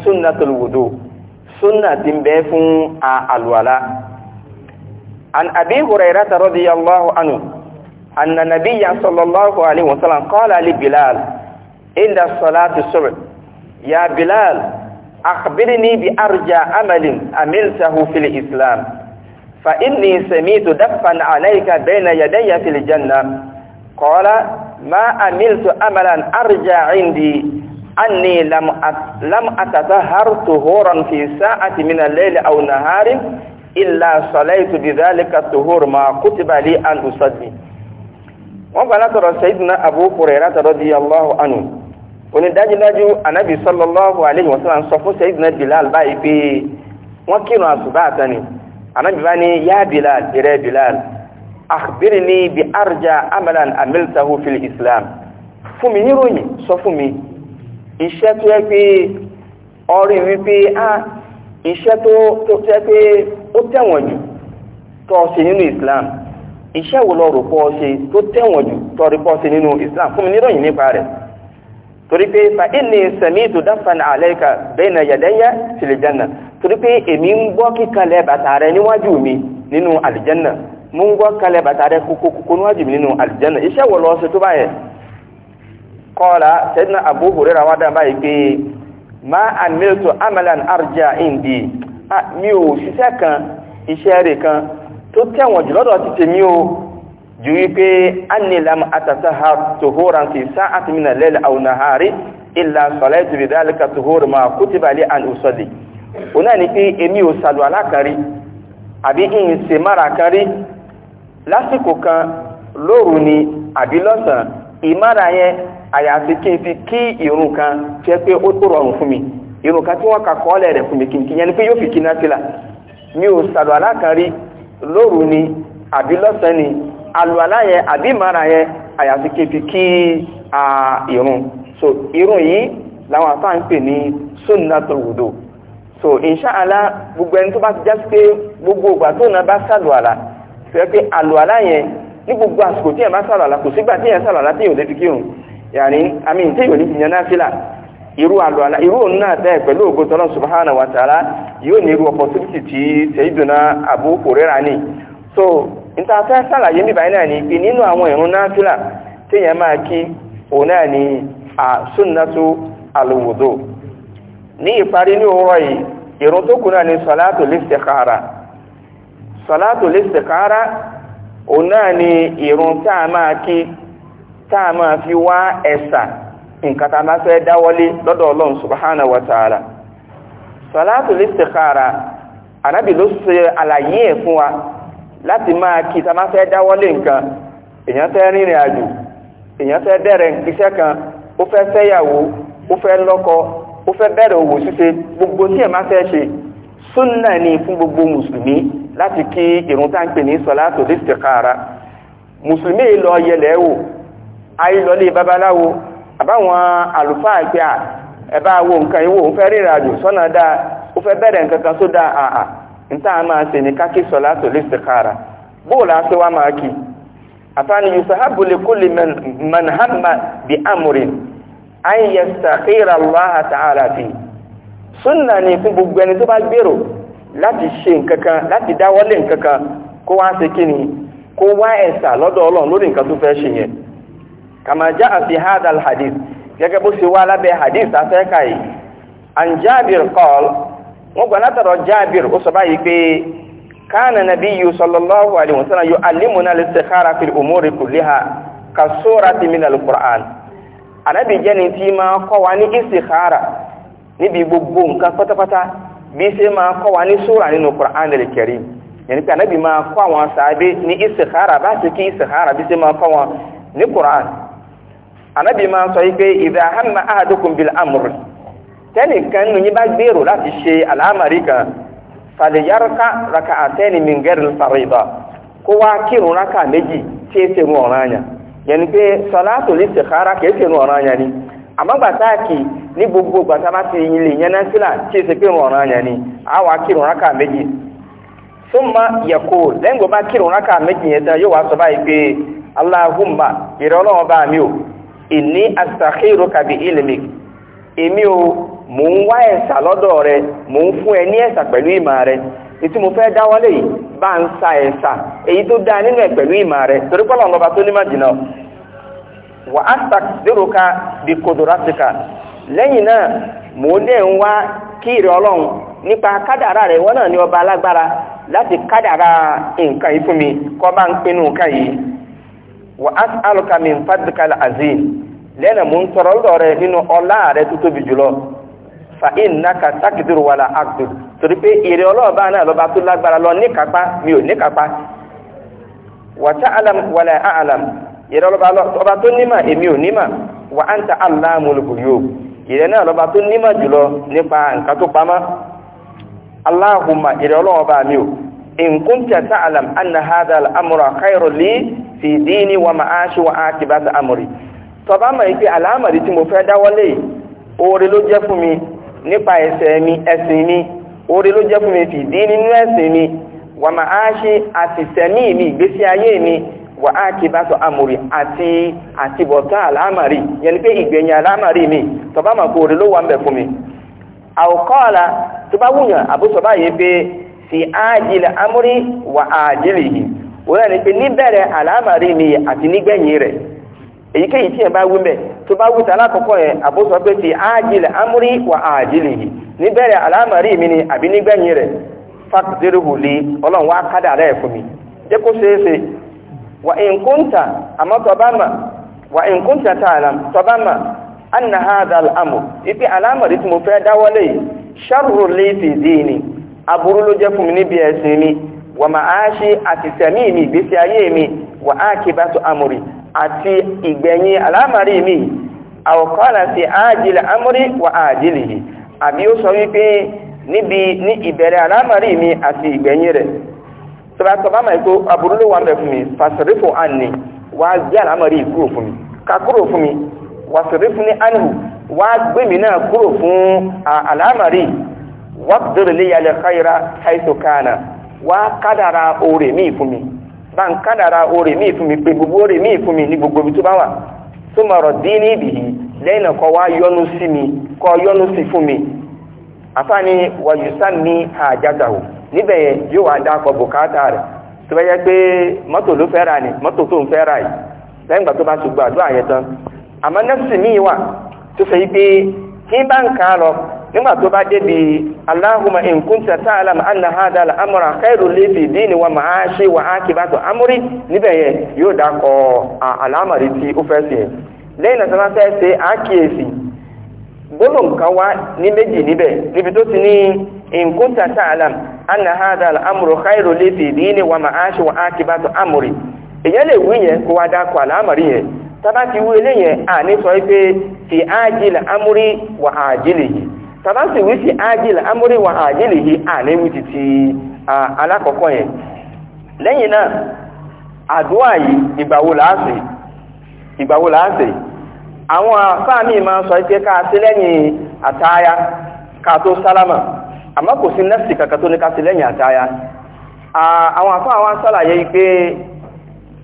sunnatul wudu sunna ti ń bẹ fún àlùwàlá عن أبي هريرة رضي الله عنه أن النبي صلى الله عليه وسلم قال لبلال عند صلاة الصبح يا بلال أخبرني بأرجى عمل عملته في الإسلام فإني سميت دفا عليك بين يدي في الجنة قال ما عملت أملا أرجى عندي أني لم أتطهر طهورا في ساعة من الليل أو نهار illa salaitu bidhalika tuhur ma kutiba li an usalli wọ́n gbà látọ̀rọ̀ sayyidina abu hurairah radiyallahu anhu òní dájúdájú anabi sallallahu alayhi wa sallam sọ fún sayyidina bilal báyìí pé wọ́n kírun àsùbá àtàní anabi bá ní yá bilal ìrẹ́ bilal akhbirni bi arja amalan amiltahu fil islam fún mi níròyìn sọ fún mi iṣẹ́ tó yẹ pé ọ̀rẹ́ wípé ah iṣẹ́ tó tó tẹ́ pé ó tẹ̀wọ̀n jù tó nínú Islam iṣẹ́ wo lọ rò ṣe tó tẹ̀wọ̀n jù tó rí nínú Islam fún mi níròyìn nípa rẹ̀ torí pé fa inni sami'tu torí pé èmi ń gbọ́ kíkalẹ̀ bàtà níwájú mi nínú ń gbọ́ kalẹ̀ bàtà níwájú mi nínú iṣẹ́ tó báyẹn pé ma amiltu amalan arja indi ah mi ò ṣiṣẹ́ kan iṣẹ́ rẹ̀ kan tó tẹ̀wọ̀n jù lọ́dọ̀ ti tèmi o ju wípé anni lam atasahar tuhuran fi sa'ati min al-layl aw nahari illa salaitu bi dhalika tuhur ma kutiba li an usalli ona ni pé èmi ò salu alakari àbí in ṣe mara kan kan lóru ni àbí lọ́sàn ìmára yẹn àyàfi kí n fi kí irun kan jẹ́ pé ó rọrùn fún mi irun kan tí wọ́n kà kọ́ọ́lẹ̀ rẹ̀ fún mi kí n kí yẹn ni pé yóò fi kí náà sílà mi ò sàlù alákànrí lóru ni àbí lọ́sàn-án ni àlùwàlá yẹn àbí ìmọ̀ràn yẹn àyàfi kí n fi kí irun so irun yìí làwọn afáà ń pè ní sunnatul wudu so inṣáàlá gbogbo ẹni tó bá ti jásí pé gbogbo ìgbà tó náà bá sàlù àlà fẹ́ pé àlùwàlá yẹn ní gbogbo àsìkò tí yẹn bá sàlù àlà kò sígbà tí yẹn sàlù àlà tí yẹn ò lè fi kírun yàní àmì tí yóò ní ti yànnà fílà irú àlùwàlá irú òun náà bẹ́ẹ̀ pẹ̀lú ògo tọ́lọ́ subhanahu wa ta'ala yóò ní irú opportunity tí Sayyiduna Abu Hurairah ní so níta fẹ́ sàlàyé náà ni pé nínú àwọn ìrún náà fílà téèyàn máa kí òun náà ni àsúnnátó alùwòdó ní ìparí ní òwúrọ̀ yìí tó ni sọlátò sọlátò ni tá táà máa fi wá ẹ̀sà nǹkan tá a bá fẹ́ dáwọ́lé lọ́dọ̀ ọlọ́run subhanahu wa ta'ala salatul istikhara ànábì ló ṣe àlàyé ẹ̀ fún wa láti máa kí tá a bá fẹ́ dáwọ́lé nǹkan èèyàn fẹ́ rìnrìn àjò èèyàn fẹ́ bẹ̀rẹ̀ iṣẹ́ kan ó fẹ́ fẹ́yàwó ó fẹ́ lọ́kọ ó fẹ́ bẹ̀rẹ̀ òwò ṣíṣe gbogbo tí ẹ̀ máa fẹ́ ṣe súnà ni fún gbogbo mùsùlùmí láti kí ìrun tá à ń pè ní salatul istikhara mùsùlùmí lọ yẹlẹ̀ wò ayélọlé babaláwo àbáwọn àlùfáà àti à ẹ̀bá wo nǹkan ìwò ń fẹ́ rírà jù sọ́nà dáa ó fẹ́ bẹ̀rẹ̀ nǹkan kan tó dáa àà níta a máa ṣe ní kákí sọ̀lá tó lè ṣèkára bóòlù àti wá máa kì àfáàní yusahabu li kulli man hamma bi amrin an yastakhira Allah ta'ala fi sunna ni fún gbogbo ẹni tó bá gbèrò láti ṣe nǹkan kan láti dáwọ́lé nǹkan kan kó wá ṣe kíni kó wá ẹ̀sà lọ́dọ̀ Ọlọ́run lórí nǹkan tó fẹ́ ṣe yẹn kama jaa fi hadha alhadith gẹ́gẹ́ bó ṣe wá lábẹ́ hadith afẹ́ka yìí an jabir qal wọ́n gbà látọ̀rọ̀ jabir ó sọ báyìí pé kana nabiyyu sallallahu alaihi wasallam yu'allimuna al-istikhara fil umuri kulliha ka surati min al-qur'an anabi jẹ́ni tí máa kọ́ wa ní istikhara níbi gbogbo nǹkan pátápátá bí ṣe máa kọ́ wa sura nínú qur'an al-karim yẹni anabi máa kọ́ àwọn sàábé ní istikhara bá ṣe kí istikhara bí ṣe máa kọ́ wọn ní qur'an anabi máa sọ yìí pé ìdá hànà ahadukum bil amr tẹnìkan nù yín bá gbèrò láti ṣe àlámàrí kan fàlẹ̀yáraka raka àtẹ́ni mingẹ́rì fàrìbà kó wá kírun raka méjì tí é ṣe rún ọ̀ràn àyàn yẹni pé sọlátò lè ṣèkára kìí ṣe rún ọ̀ràn ni àmọ́ gbàtàkì ní gbogbo gbàtà bá ti yin lè yẹn sílà tí é ṣe pé rún ọ̀ràn àyàn ni a wá kírun raka méjì súnmọ́ yẹ̀kó lẹ́ngbọ́n bá kírun raka méjì yẹn tán yóò wá sọ báyìí pé aláhùnmá ìrọ̀lọ́wọ́ bá mi ò ìní àtàkìrò kàbí ilimi èmi o mò ń wá ẹ̀sà lọ́dọ̀ rẹ mò ń fún ẹ ní ẹ̀sà pẹ̀lú ìmọ̀ rẹ ìtí mo fẹ́ dáwọ́lé yìí bá ń sa ẹ̀sà èyí tó dáa nínú ẹ̀ pẹ̀lú ìmọ̀ rẹ torí pọ́lọ̀ ọ̀nà tó ní màjìnà wà á sàkérò ka bí kodoratika lẹ́yìn náà mò ń dẹ̀ ń wá kíìrì ọlọ́run nípa kádàrá rẹ̀ wọ́n náà ní ọba alágbára láti nǹkan yìí fún mi kọ́ bá ń pinnu nǹkan wa as'aluka min fadlika al-azim lẹ́nà mú ń tọrọ lọ́rẹ̀ nínú ọlá rẹ̀ tó tóbi jùlọ fa innaka takdiru wala aqdir torí pé èrè ọlọ́ọ̀bá náà lọ́ba tó lágbára lọ níkápá mi ò níkápá wa ta'lam wala a'lam èrè ọlọ́ba tó nímà èmi ò nímà wa anta allamul ghuyub èrè náà lọ́ba tó nímà jùlọ nípa nǹkan tó pamọ́ Allahumma èrè ọlọ́ọ̀bá mi ò in kunta ta'lam anna hadha al-amra khairun li fi dini wa ma'ashi wa akibati amri tó bá mọ̀ pé alamari tí mo fẹ́ dáwọ́lé oore ló jẹ́ fún mi nípa ẹsẹ̀ mi ẹ̀sìn mi oore ló jẹ́ fún mi fi dini nínú ẹ̀sìn mi wa ma'ashi àti semi mi ìgbésí ayé mi wa akibati amri àti àti bota alamari yani pé ìgbẹ̀yìn alamari mi tó bá mọ̀ pé oore ló wà ńbẹ̀ fún mi aw qala tó bá wuyan abu so ba ye pé fi ájìlì amúrí wà ájìlì yìí wọ́n pe ní bẹ̀rẹ̀ níbẹ̀rẹ̀ mi àti nígbẹ̀yìn rẹ̀ èyíkéyìí tí bá wí mẹ́ tó bá wí tàlá kọ̀kọ́ yẹn pé ti ájìlì amúrí wà ájìlì ní bẹ̀rẹ̀ àlámàrí mi ni àbí nígbẹ̀yìn rẹ̀ fàkìtìrìhù ọlọ́run wá kádà rẹ̀ fún mi jẹ́ kó ṣe wà àmọ́ wà tààlà ipi mo fẹ́ dáwọ́lé sharru li fi aburú ló jẹ́ fún mi níbi ẹ̀sìn mi wà máa ṣe àtìsẹ̀mí mi ìgbésí ayé mi wà á kí bá tó amòrì àti ìgbẹ̀yìn alámàrí mi àwọ̀kọ́lá sí àájìlẹ̀ amòrì wà àájìlẹ̀ yìí àbí ó sọ wípé níbi ní ìbẹ̀rẹ̀ alámàrí mi àti ìgbẹ̀yìn rẹ̀ tọ́bátọ́ bá máa tó aburú ló wà ń bẹ̀ fún mi fàṣẹ̀rífò àní wà á gbé alámàrí kúrò fún mi ká kúrò fún mi wàṣẹ̀rífò ní àníhù wà á gbé mi náà kúrò fún alámàrí wàbdúró lè yàlẹ̀ káyìrá àìsàn kàánà wá kádàrà oore míì fún mi bá ń kádàrà oore míì fún mi pé gbogbo oore míì fún mi ní gbogbo ibi tó bá wà tó mọ̀rọ̀ dín ní ibì yìí lẹ́yìn náà kọ́ wá yọ́nú sí mi kọ́ yọ́nú sí fún mi àfáàní wàyùsá ní àjàdàwò níbẹ̀ yẹn yóò wá dákọ̀ bùkátà rẹ̀ tó bá yẹ pé mọ́tò ló fẹ́ rà mọ́tò tó ń fẹ́ yìí lẹ́yìn gbà tó bá ṣùgbọ́n àdúrà yẹn tán àmọ́ nẹ́fìsì míì wà tó fẹ́ yí pé kí bá ń kà á lọ nígbà tó bá débi Allahumma in kunta ta'lam anna hadha al-amra khairun li fi dini wa ma'ashi wa akibatu amri níbẹ̀ yẹn yóò dákọ̀ àlámàrí tí ó fẹ́ sí ẹ̀ lẹ́yìn náà sábà fẹ́ ṣe àkíyèsí gbólóhùn kan wá ní méjì níbẹ̀ níbi tó ti ní in kunta ta'lam anna hadha al-amru khairun li fi dini wa ma'ashi wa akibatu amri èyàn lè wí yẹn kó wá dákọ̀ àlámàrí yẹn tábà ti wí eléyẹn ní sọ pé fi ajil amri wa ajilihi tàbá sì wí sí ágìl amórí wa yìí ti alákọ̀ọ́kọ́ yẹn lẹ́yìn náà àdúrà yìí ìgbàwo làásì ìgbàwo làásì àwọn afáàmì máa sọ pé ká sí lẹ́yìn àtàyà ká tó sálámà àmọ́ kò sí nẹ́fì kankan tó ní ká sí lẹ́yìn àwọn afáà wa sàlàyé pé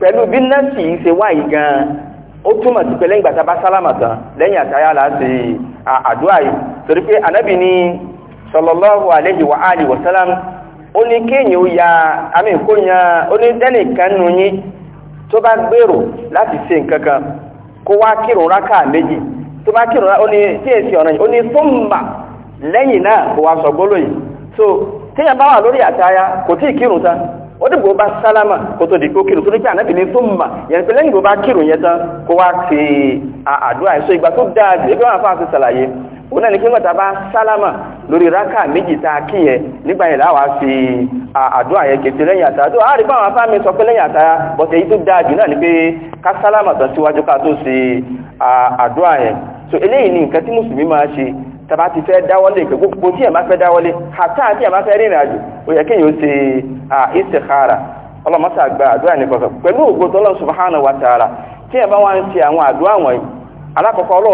pẹ̀lú bí yìí ṣe gan ó túmọ̀ sí pé lẹ́yìn gbàtà bá sálámà tán lẹ́yìn àdúrà yìí torí pé ànábì ní sallallahu alayhi wa alihi wa sallam ó ní kéèyàn ó ya àmì kó ó ní tẹ́nìkan nù tó bá gbèrò láti ṣe nǹkan kan kó wá kírun rákà méjì tó bá kírun ó ní tí èsì yìí ó ní lẹ́yìn náà wá sọ so téèyàn bá wà lórí àtayá kò tí ì kírun tán ó dìbò bá sálámà kó tó kó kírun tó ní ànábì mà yẹn pé lẹ́yìn kírun yẹn òun náà ní pé mọ̀tàbá sálámà lórí rákà méjì tá a kí yẹn nígbà yẹn láwa fi àdúrà yẹn kété lẹ́yìn àtàrà tó àárí báwọn afá mi sọ pé lẹ́yìn àtàrà bọ̀tẹ̀ èyí tó dáa jù náà ní pé ká sálámà tán síwájú ká tó ṣe àdúrà yẹn so eléyìí ni nǹkan tí mùsùlùmí máa ṣe tàbá ti fẹ́ dáwọ́lé ìpè gbogbo tí ẹ̀ máa fẹ́ dáwọ́lé àtà àti ẹ̀ máa fẹ́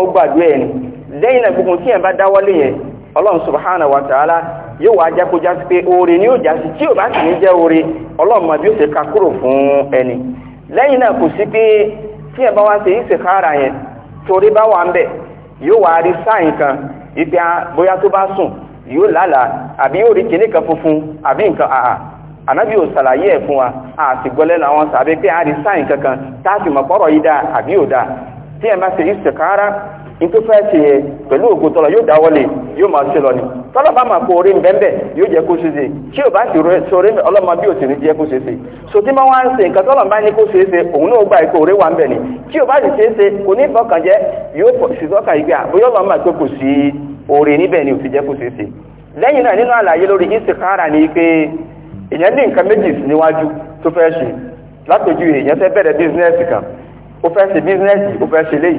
rìnrìn lẹ́yìn náà gbogbo tí ẹ̀ bá dáwọ́lé yẹn ọlọ́run subhanahu wa ta'ala yóò wá jẹ́ kó já sí pé oore ni yóò já sí tí ò bá sì ní jẹ́ oore ọlọ́run mọ̀ bí ó ṣe ka kúrò fún ẹni lẹ́yìn náà kò sí pé tí ẹ̀ bá wá ṣe istikhara yẹn torí bá wà ń bẹ̀ yóò wá rí sáìn kan ìpè ah, bóyá tó bá sùn yóò lálàá àbí yóò rí kinní kan funfun àbí nǹkan àhà ànábì ò sàlàyé ẹ̀ fún wa àti gbọ́lẹ́ náà wọn sàbẹ́ pé a rí sáìn kankan táàsì mọ̀ pọ́rọ̀ yìí dáa àbí ò dáa tí ẹ̀ bá ṣe istikhara nítorí fẹ́ ṣe yẹn pẹ̀lú yóò dáwọ́lé yóò máa ṣe lọ ni tọlọba ma máa kó orí yóò jẹ́ kó ṣeéṣe tí ò bá sì sọrí ọlọ́mọ bí ò sì ní jẹ́ kó ṣeéṣe so tí máa wá ń nǹkan tọ́lọ̀ bá ní kó ṣeéṣe òun wa ń ni tí ò bá sì ṣeéṣe kò ní jẹ́ yóò ìgbà bóyá ọlọ́mọ àti kò sí orí ni ò fi jẹ́ kó ṣeéṣe lẹ́yìn náà nínú àlàyé lórí ni pé èèyàn ní nǹkan méjì níwájú kan ó fẹ́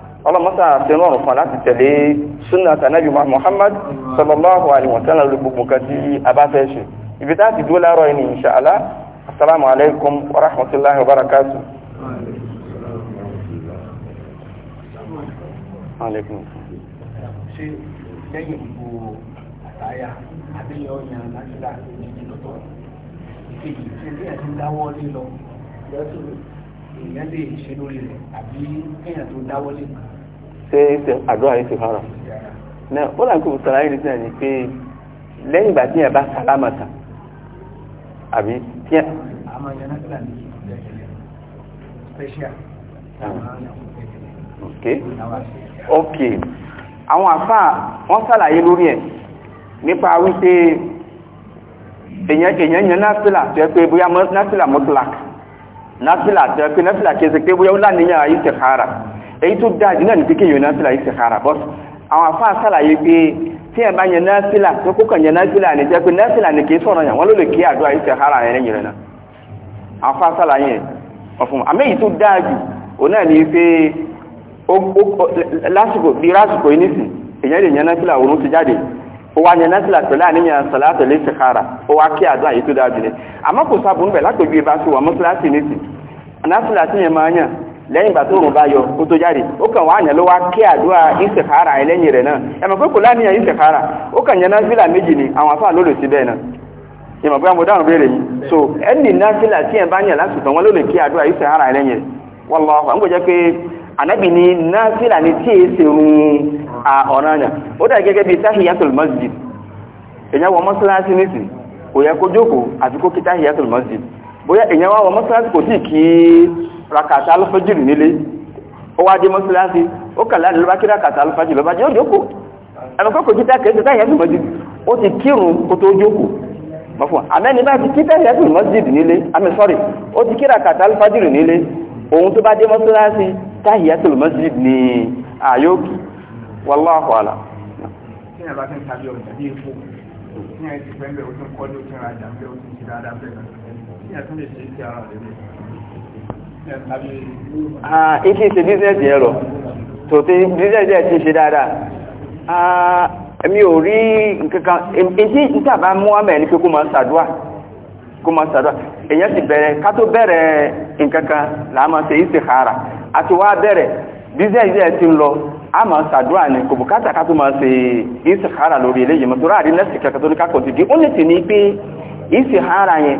ọlọ́mọ́sá àtẹnúọ̀rùn fún láti tẹ̀lé súnà tànàbí Muhammad sallallahu alaihi wa sallam lórí gbogbo nǹkan tí a bá fẹ́ ṣe ibi tá ti dúró láàárọ̀ yìí ni insha Allah assalamu alaikum wa rahmatullahi wa lè ṣe lórí rẹ̀ àbí kéèyàn tó dáwọ́ lé kan ṣé àdúrà yìí ti fara náà ó là ń kó sara yìí náà ni pé lẹ́yìn ìgbà tí yẹn bá sálámà tán àbí tí yẹn. Ah. ok ok àwọn àfa wọn ṣàlàyé lórí ẹ nípa wípé èèyàn èèyàn yẹn náfìlà tó yẹ pé bóyá náfìlà mọ́tòlá náfìlà tó yẹ pé náfìlà kẹsẹ̀ pé bóyá ó láníyàn ayé tẹ̀ kára èyí tó dáa jù náà ní pínkì yòó náfìlà yìí ti hara bọ́ àwọn afáà sàlàyé pé tí ẹ̀ bá yẹn náfìlà tó kó kàn yẹn náfìlà ní jẹ́ pé náfìlà ní kì í sọ̀rọ̀ yàn wọ́n ló lè kí àdúrà yìí ti hara yẹn yẹn náà àwọn afáà sàlàyé ọ̀fun àmì èyí tó dáa jù òun náà ní pé lásìkò bí lásìkò yìí nísìn èyàn lè yẹn náfìlà òun ti jáde ó wá yẹn násìlà pẹ̀lú àníyàn sàlátọ̀ lè ṣe kára ó wá kí àdúrà lẹ́yìn ìgbà tó rùn bá yọ kó tó jáde ó kàn wá àyàn ló wá kí àdúrà ìsèkára ẹ lẹ́yìn rẹ̀ náà ẹ̀mọ̀ pé kò láníyàn ìsèkára ó kàn yẹn náfìlà méjì ni àwọn afáà ló lè sí bẹ́ẹ̀ náà ìmọ̀ pé àwọn béèrè yìí so ẹni tí ẹ̀ bá yàn lásìkò wọn ló lè kí àdúrà rẹ̀ ànábì ni náfìlà ni tí èé ṣe run ọ̀ràn ó dà gẹ́gẹ́ wọ bóyá èèyàn wá wọ mọ́sálásí kò tí kí rakàtà alfajiri nílé ó wá dé mọ́sálásí ó kà láti lọ́bá kí rakàtà alfajiri lọ́bá jẹ́ òjòkó ẹ̀mọ̀kọ́ kò jíta kẹ́ẹ̀sì táyà sí mọ́jìdì ó ti kírun kó tó jókòó mọ́fún àmẹ́ni bá ti kí táyà sí mọ́jìdì nílé àmì sọ́rì ó ti kí rakàtà alfajiri nílé ohun tó bá dé mọ́sálásí táyà sí mọ́jìdì ní àyókì wallahu a'lam tí ẹ̀ bá ti ń tàbí ọjà bí epo tí ẹ̀ ti fẹ́ bẹ̀rẹ̀ ó tún kọ́ ló tún ra jà bẹ́ẹ̀ ó tún ti dáadáa bẹ́ẹ̀ Ìkí ṣe bíṣẹ́sì ẹ̀rọ, tòtí bíṣẹ́sì ẹ̀ ti ṣe dáadáa. Ah, èmi ò rí nǹkankan, èyí ìtàbá Mọ́hámẹ̀ ní pé kó máa ṣàdúà, kó máa ṣàdúà. Èyàn ti bẹ̀rẹ̀, ká tó bẹ̀rẹ̀ nǹkankan láàmà ṣe ìsìkára, àti wá bẹ̀rẹ̀, bíṣẹ́sì ẹ̀ ti ń lọ, a ma sàdúrà ní kò bùkátà ká tó ma ṣe ìsìkára lórí eléyìí mọ́tò ráàrí nẹ́sì kẹkẹtọ́ ní ká kọ̀ sí di ó lè tì ní pé ìsìkára yẹn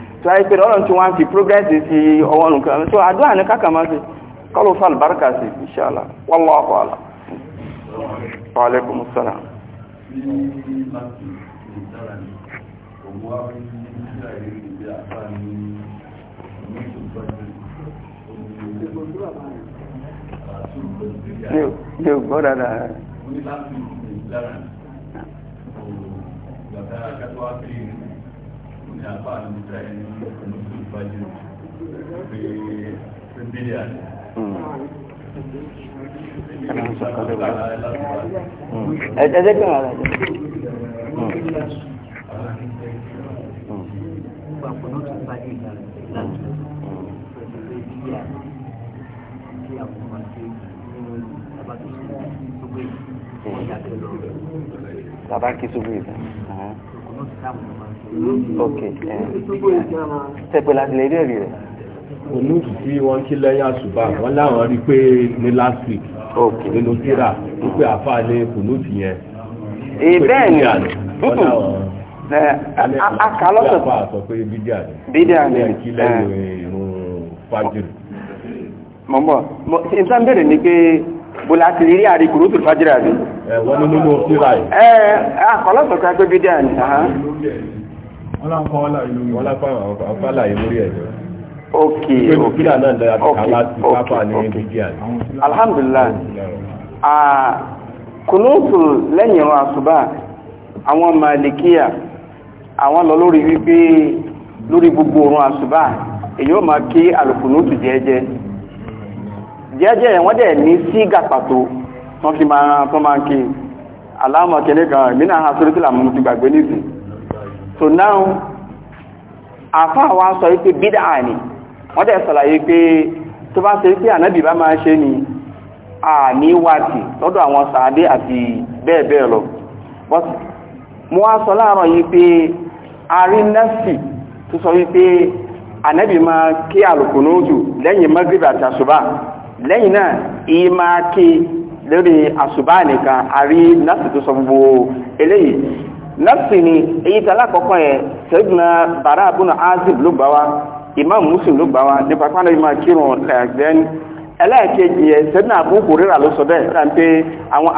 tó ayé pé ọlọ́run tí wọ́n fi progress sí ọwọ́ nǹkan so àdúrà ní káàkà máa fi kọlù sí inshallah wallahu a'lam wa alaikumus salam ní àbá àdúgbò ẹni olùsùn ìbájú pé pé bílẹ̀ àti. Ẹ̀jẹ̀ kí wọ́n rẹ̀. Bàbá kí sóbì ìtàn ok tẹ́pẹ́ eh. láti lè rí ẹ̀rí rẹ̀. olùsù tí wọ́n kí lẹ́yìn àṣùbà wọ́n láwọn rí pé ní last week nínú tíra wípé àfa ní kùnúùtù yẹn. ìbẹ́ẹ̀ eh, ni eh, akalọ́sọ̀ àfa sọ pé bídíà ni bídíà ni kí lẹ́yìn ìrun fájìrì. mọ̀mọ́ ìtàn bẹ̀rẹ̀ ni pé. bùlá ti rí àrí gúrúùtù fàjírà rí. wọ́n ní nínú ok ok ok lẹ́yìn ìran àṣùbà àwọn màlìkíyà àwọn lọ lórí wípé lórí gbogbo ìran àṣùbà èyí ó máa kí àlùkùnúùtù jẹ́ẹ́jẹ́ díẹ̀díẹ̀ wọ́n dẹ̀ ní sígà pàtó wọ́n fi máa tán máa ń kí aláàmọ̀ kẹ́lẹ́ kan ìmínà ha sórí sílà mú ti gbàgbé nìsín so now àfa wa sọ wípé bídà ni wọ́n dẹ̀ sọ̀làyé pé tó bá ṣe pé ànábì bá máa ṣe ni àníwáàtì lọ́dọ̀ àwọn sàádé àti bẹ́ẹ̀ bẹ́ẹ̀ lọ mo wá sọ láàárọ̀ yìí pé arínẹ́sì tó sọ wípé ànábì máa kí àlùkùnú jù lẹ́yìn mọ́gírì àti àṣùbà lẹ́yìn náà ìyí máa lori lórí àṣùbá àrí nọ́ọ̀sì tó sọ gbogbo eléyìí ni èyí tí alákọ̀ọ́kọ́ yẹn sayyidina àbúnà azib ló imam musul ló gbà nípa pàánù yìí máa kírun lẹ́yìn ẹlẹ́ẹ̀kejì yẹn sayyidina Abu ló sọ bẹ́ẹ̀ rà ń pé àwọn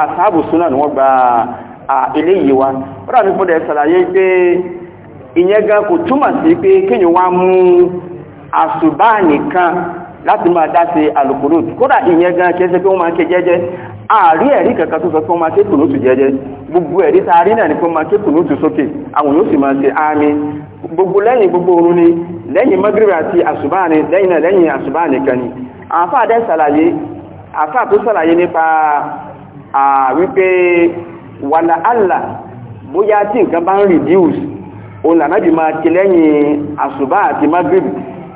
wa láti máa dá sí alukunut kódà ìyẹn gan kẹsẹ́ pé wọ́n máa ń ké jẹ́jẹ́ ààrí ẹ̀rí kankan tó sọ pé wọ́n máa ké kùnútù jẹ́jẹ́ gbogbo ẹ̀rí tá a rí náà ni pé wọ́n máa ké kùnútù sókè àwọn yóò sì máa ṣe àmì gbogbo lẹ́yìn gbogbo oorun ni lẹ́yìn mọ́gírì àti àṣùbáàni lẹ́yìn náà lẹ́yìn àṣùbáàni kan ni àáfàá dẹ́ sàlàyé àáfàá tó sàlàyé nípa wípé wàlà àlà bóyá tí nǹkan bá ń reduce òun làná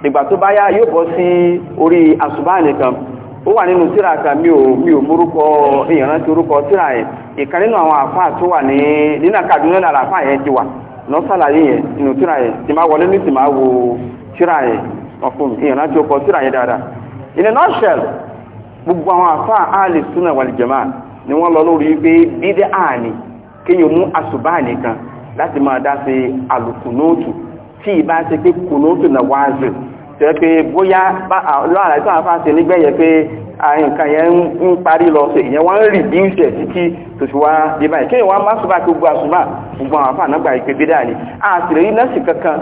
ìgbà tó bá yá yóò bọ́ sí orí àṣùbá kan ó wà nínú tíra kan mi ò mi ò múrúkọ ìrántí orúkọ tíra yẹn ìkan nínú àwọn àfáà tó wà ní nínú Kaduna lára àfáà yẹn ti wà lọ yẹn nínú tíra yẹn tí máa wọlé ní tí máa wo tíra yẹn ọkùn orúkọ tíra yẹn dáadáa in a gbogbo àwọn àfáà àlè súnà wal ni wọ́n lọ lórí tẹ́ pé bóyá lọ́àrẹ̀ tó àfáà ṣe nígbẹ̀yẹ pé nǹkan yẹn ń parí lọ sí ìyẹn wọ́n ń rì bí ìṣẹ̀ títí tó fi wá dé báyìí kéèyàn wọ́n má súbà tó gbọ́ àsùbà gbogbo àwọn àfáà náà gbà ìpè bídà ni àtìrẹ́ yìí nọ́ọ̀sì kankan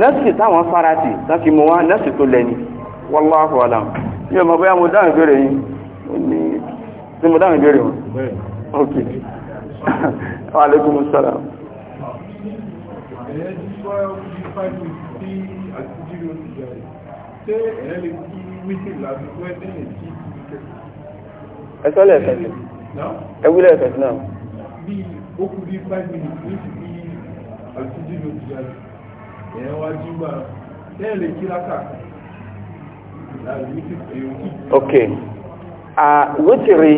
nọ́ọ̀sì táwọn farati tán fi mú wọn nọ́ọ̀sì tó lẹ́ni wallahu alam yóò mọ̀ bóyá mo dáhùn ìbéèrè yìí tí mo dáhùn ìbéèrè wọn ok [laughs] wa alaikum salam Thank you. ṣé ẹ̀rẹ́ lè kí wíṣì lásìkò ẹ̀ tẹ́lẹ̀ kí ìkẹ́ ẹ sọ́lẹ̀ ẹ̀fẹ̀sì ẹ wílẹ̀ ẹ̀fẹ̀sì náà bí ó kú bí minutes bí àtúndì ló ti jáde ẹ̀yẹn wá jí gbà ok wítìrì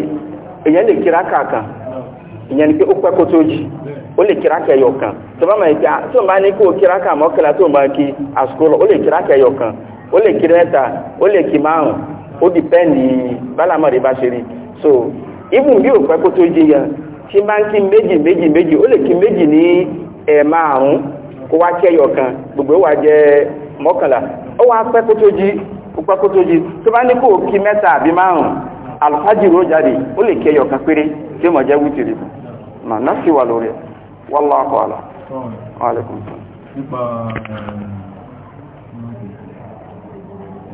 èyàn lè kíra ìyẹn ni pé ó tó ó lè kíra kẹyọ kan tó bá máa ń pẹ́ tó bá ní kó kíra kà mọ́kànlá tó máa kí àsìkò lọ ó lè kan ó lè kí rẹ́ta ó lè kí márùn ó dìpẹ́ndì bálámọ̀dé bá ṣe rí so ibu bí o pẹ́ kó tó jí yan tí meji, ń kí méjì méjì méjì ó lè kí méjì ní ẹ̀ márùn kó wá gbogbo wa je, mọ́kànlá ó wá pẹ́ kó tó jí ó kó tó jí tó bá ní kó kí mẹ́ta àbí márùn alùpàjì jáde ó lè kí ẹyọ kan péré tí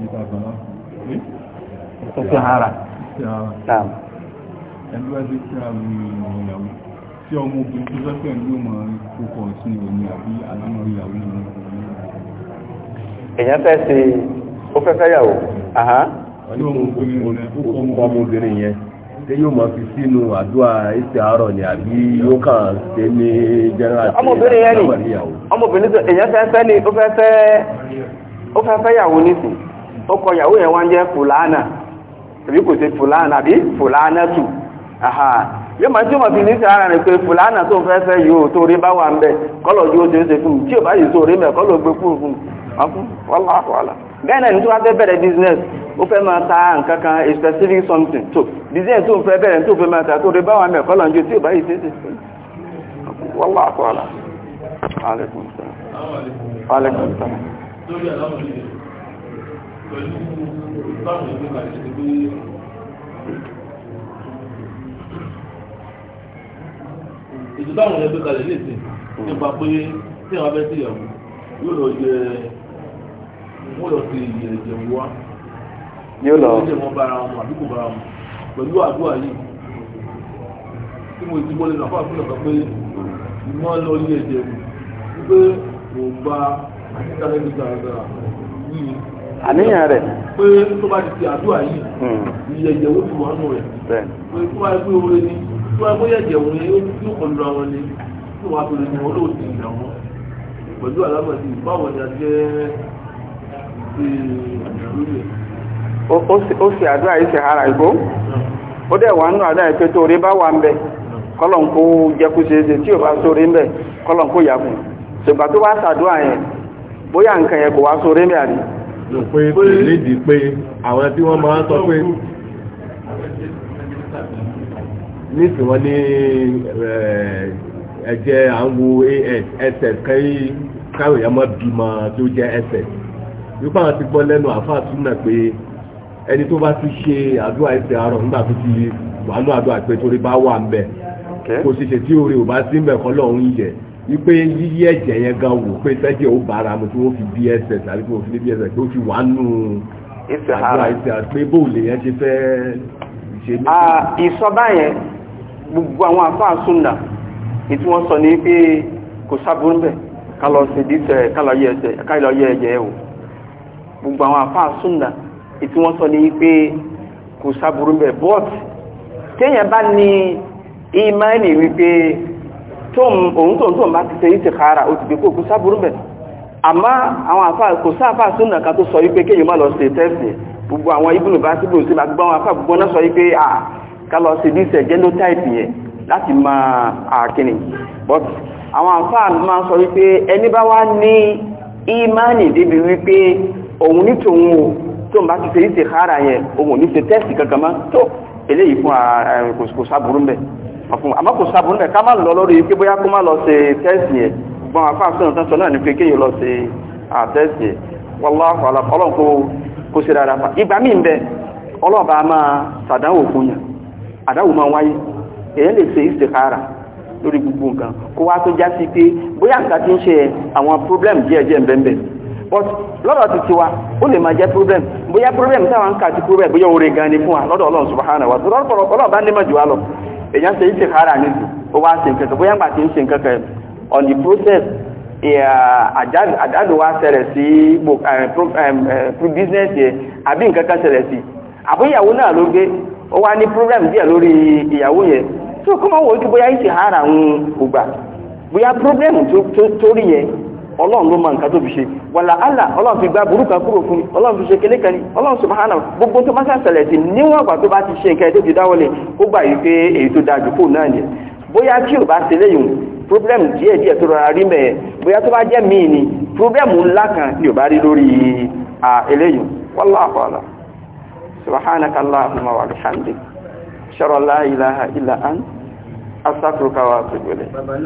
ìfihàrà. fẹ́ sí fẹ́ ọmọbìnrin yẹn tí yóò máa fi sínú àdúrà ìsì àárọ̀ ni àbí yóò kàn ṣe ní general ọmọbìnrin yẹn ni ọmọbìnrin ni ó fẹ́ fẹ́yàwó ọkọ ìyàwó yẹn wá ń jẹ́ fùlànà àbí kò sí fùlànà aha fùlànà tù yóò máa tí wọ́n fi ní sí ara rẹ̀ pé fùlànà tó fẹ́ fẹ́ yóò tó rí bá wà ń bẹ̀ kọ́lọ̀ yóò ṣe é ṣe fún tí ò bá yìí tó rí mẹ́ kọ́lọ̀ gbé kúrò fún wàláhàlá bẹ́ẹ̀ náà business ó fẹ́ máa ta specific something tó business pẹ̀lú báwọn ìlú àti ìlú ètò táwọn ẹgbẹ́ kalẹ̀ ní ìsìn nípa pé tí àwọn abẹ́ sí ìyàwó yóò lọ jẹ wọ́n lọ sí ìyẹ̀jẹ̀ wá yóò lọ sí ìwọ̀n bára wọn àdúgbò bára wọn pẹ̀lú àdúrà yìí tí mo ti wọlé lọ́kọ́ àfihàn kan pé ìmọ̀ lọ ilé ẹ̀jẹ̀ mi wípé mo gba àtìkálẹ́ mi dáradára yìí àníyàn rẹ̀. pé tó bá ti ti àdúrà yìí hmm. ìyẹ̀yẹ̀ wo ti wà nù rẹ̀ pé tó bá gbé orin ni tó bá gbé yẹ̀yẹ̀ orin yóò kọ́ lura wọn ni tó wàá tóri ni wọn ti wọn pẹ̀lú báwọn ni a jẹ́ ṣe àdúrà ó ṣe àdúrà yìí ṣe ìgbó ó dẹ̀ wà nù àdúrà yìí pé torí bá wà ń bẹ tí bá ń bẹ ṣùgbọ́n tó bá ṣàdúrà yẹn bóyá nǹkan yẹn kò wá ń bẹ lò pé kò lédi pé àwọn tí wọ́n máa ń sọ pé nísì wọ́n ní eh, ẹ̀jẹ̀ àwọn ẹsẹ̀ kan yìí káwọn èèyàn mọ́ bímọ tí ó jẹ́ ẹsẹ̀ wípé àwọn ti gbọ́ lẹ́nu àfáà túnà pé ẹni tó bá ti ṣe àdúrà ẹsẹ̀ àárọ̀ nígbà tó ti wà ní àdúrà pé torí bá wà ń bẹ̀ kò sì ṣe tí orí ò bá sí ń bẹ̀ kọ́ lọ́hún yẹ̀ ipe yíyí ẹ̀jẹ̀ yẹn gan wò pé sẹ́jẹ̀ ó bára mu tí wọ́n fi bss àbí tí wọ́n fi bss tó fi wà nù àdúrà ìṣe àpé bóòlù yẹn ti fẹ́ ṣe ìsọba yẹn gbogbo àwọn àfáà súnà ètí wọ́n sọ ní pé kò ká lọ sí ká lọ yẹ ẹ̀jẹ̀ gbogbo àwọn wọ́n sọ ní pé kò sábúrú bẹ̀ bọ́ọ̀tì téèyàn bá ní ìmọ̀ ẹ̀ òun tó ń tó ń bá ti ṣe istikhara ó ti gbé kó kú sábúrú bẹ̀ àmá àwọn àfà kò sáfà súnà kan tó sọ wípé kéèyàn má lọ ṣe tẹ́sì gbogbo àwọn ibùdó bá síbò sí gbogbo àwọn àfà gbogbo náà sọ wípé à ká lọ ṣe díṣẹ̀ genotype yẹn láti máa àkíní but àwọn àfà máa sọ wípé ẹni bá wá ní ìmánì débi wípé òun ní tòun o tó ń bá ti ṣe istikhara yẹn òun ní ṣe tẹ́sì kankan mọ́ tó eléyìí fún ọkùn àmọ́ kò sábò nílẹ̀ ká má lọ lórí pé bóyá kó má lọ ṣe tẹ́sì yẹn gbọ́n àpá àfihàn tán sọ náà ní pé kéèyàn lọ ṣe àtẹ́sì yẹn wallahu alam ọlọ́run kó kó ṣe dáadáa fa problem díẹ̀díẹ̀ but lọ́dọ̀ ti tiwa ó problem bóyá problem táwọn ń problem bóyá oore gan ni fún wa wa ta'ala ọlọ́ọ̀bá ní mọ̀jú wa lọ èyàn ṣe istikhara níbi ó wá ń ṣe nǹkan kan bóyá gbà tí ń ṣe nǹkan kan on the process àjálù wá ṣẹlẹ̀ sí business yẹ àbí nǹkan kan ṣẹlẹ̀ sí àbúyàwó náà ló gbé ó wá ní problem díẹ̀ lórí ìyàwó yẹn tó kọ́ mọ́ wọ́n ti bóyá istikhara ń gbà bóyá problem tó rí yẹn ọlọ́run ló mọ nǹkan tó fi ṣe wàlà àlà ọlọ́run fi gba burúkú kúrò fún mi ọlọ́run fi ṣe kélé kan ní ọlọ́run subahana gbogbo tó bá ṣàṣẹlẹ̀ sí níwọ̀n àgbà tó bá ti ṣe nǹkan tó fi dáwọ́lé ó gbà yìí pé èyí tó dáa jù fóun náà bóyá tí bá ṣe léyìn problem díẹ̀ díẹ̀ tó rọra rí mẹ́ẹ̀ bóyá tó bá jẹ́ míì ni problem ńlá kan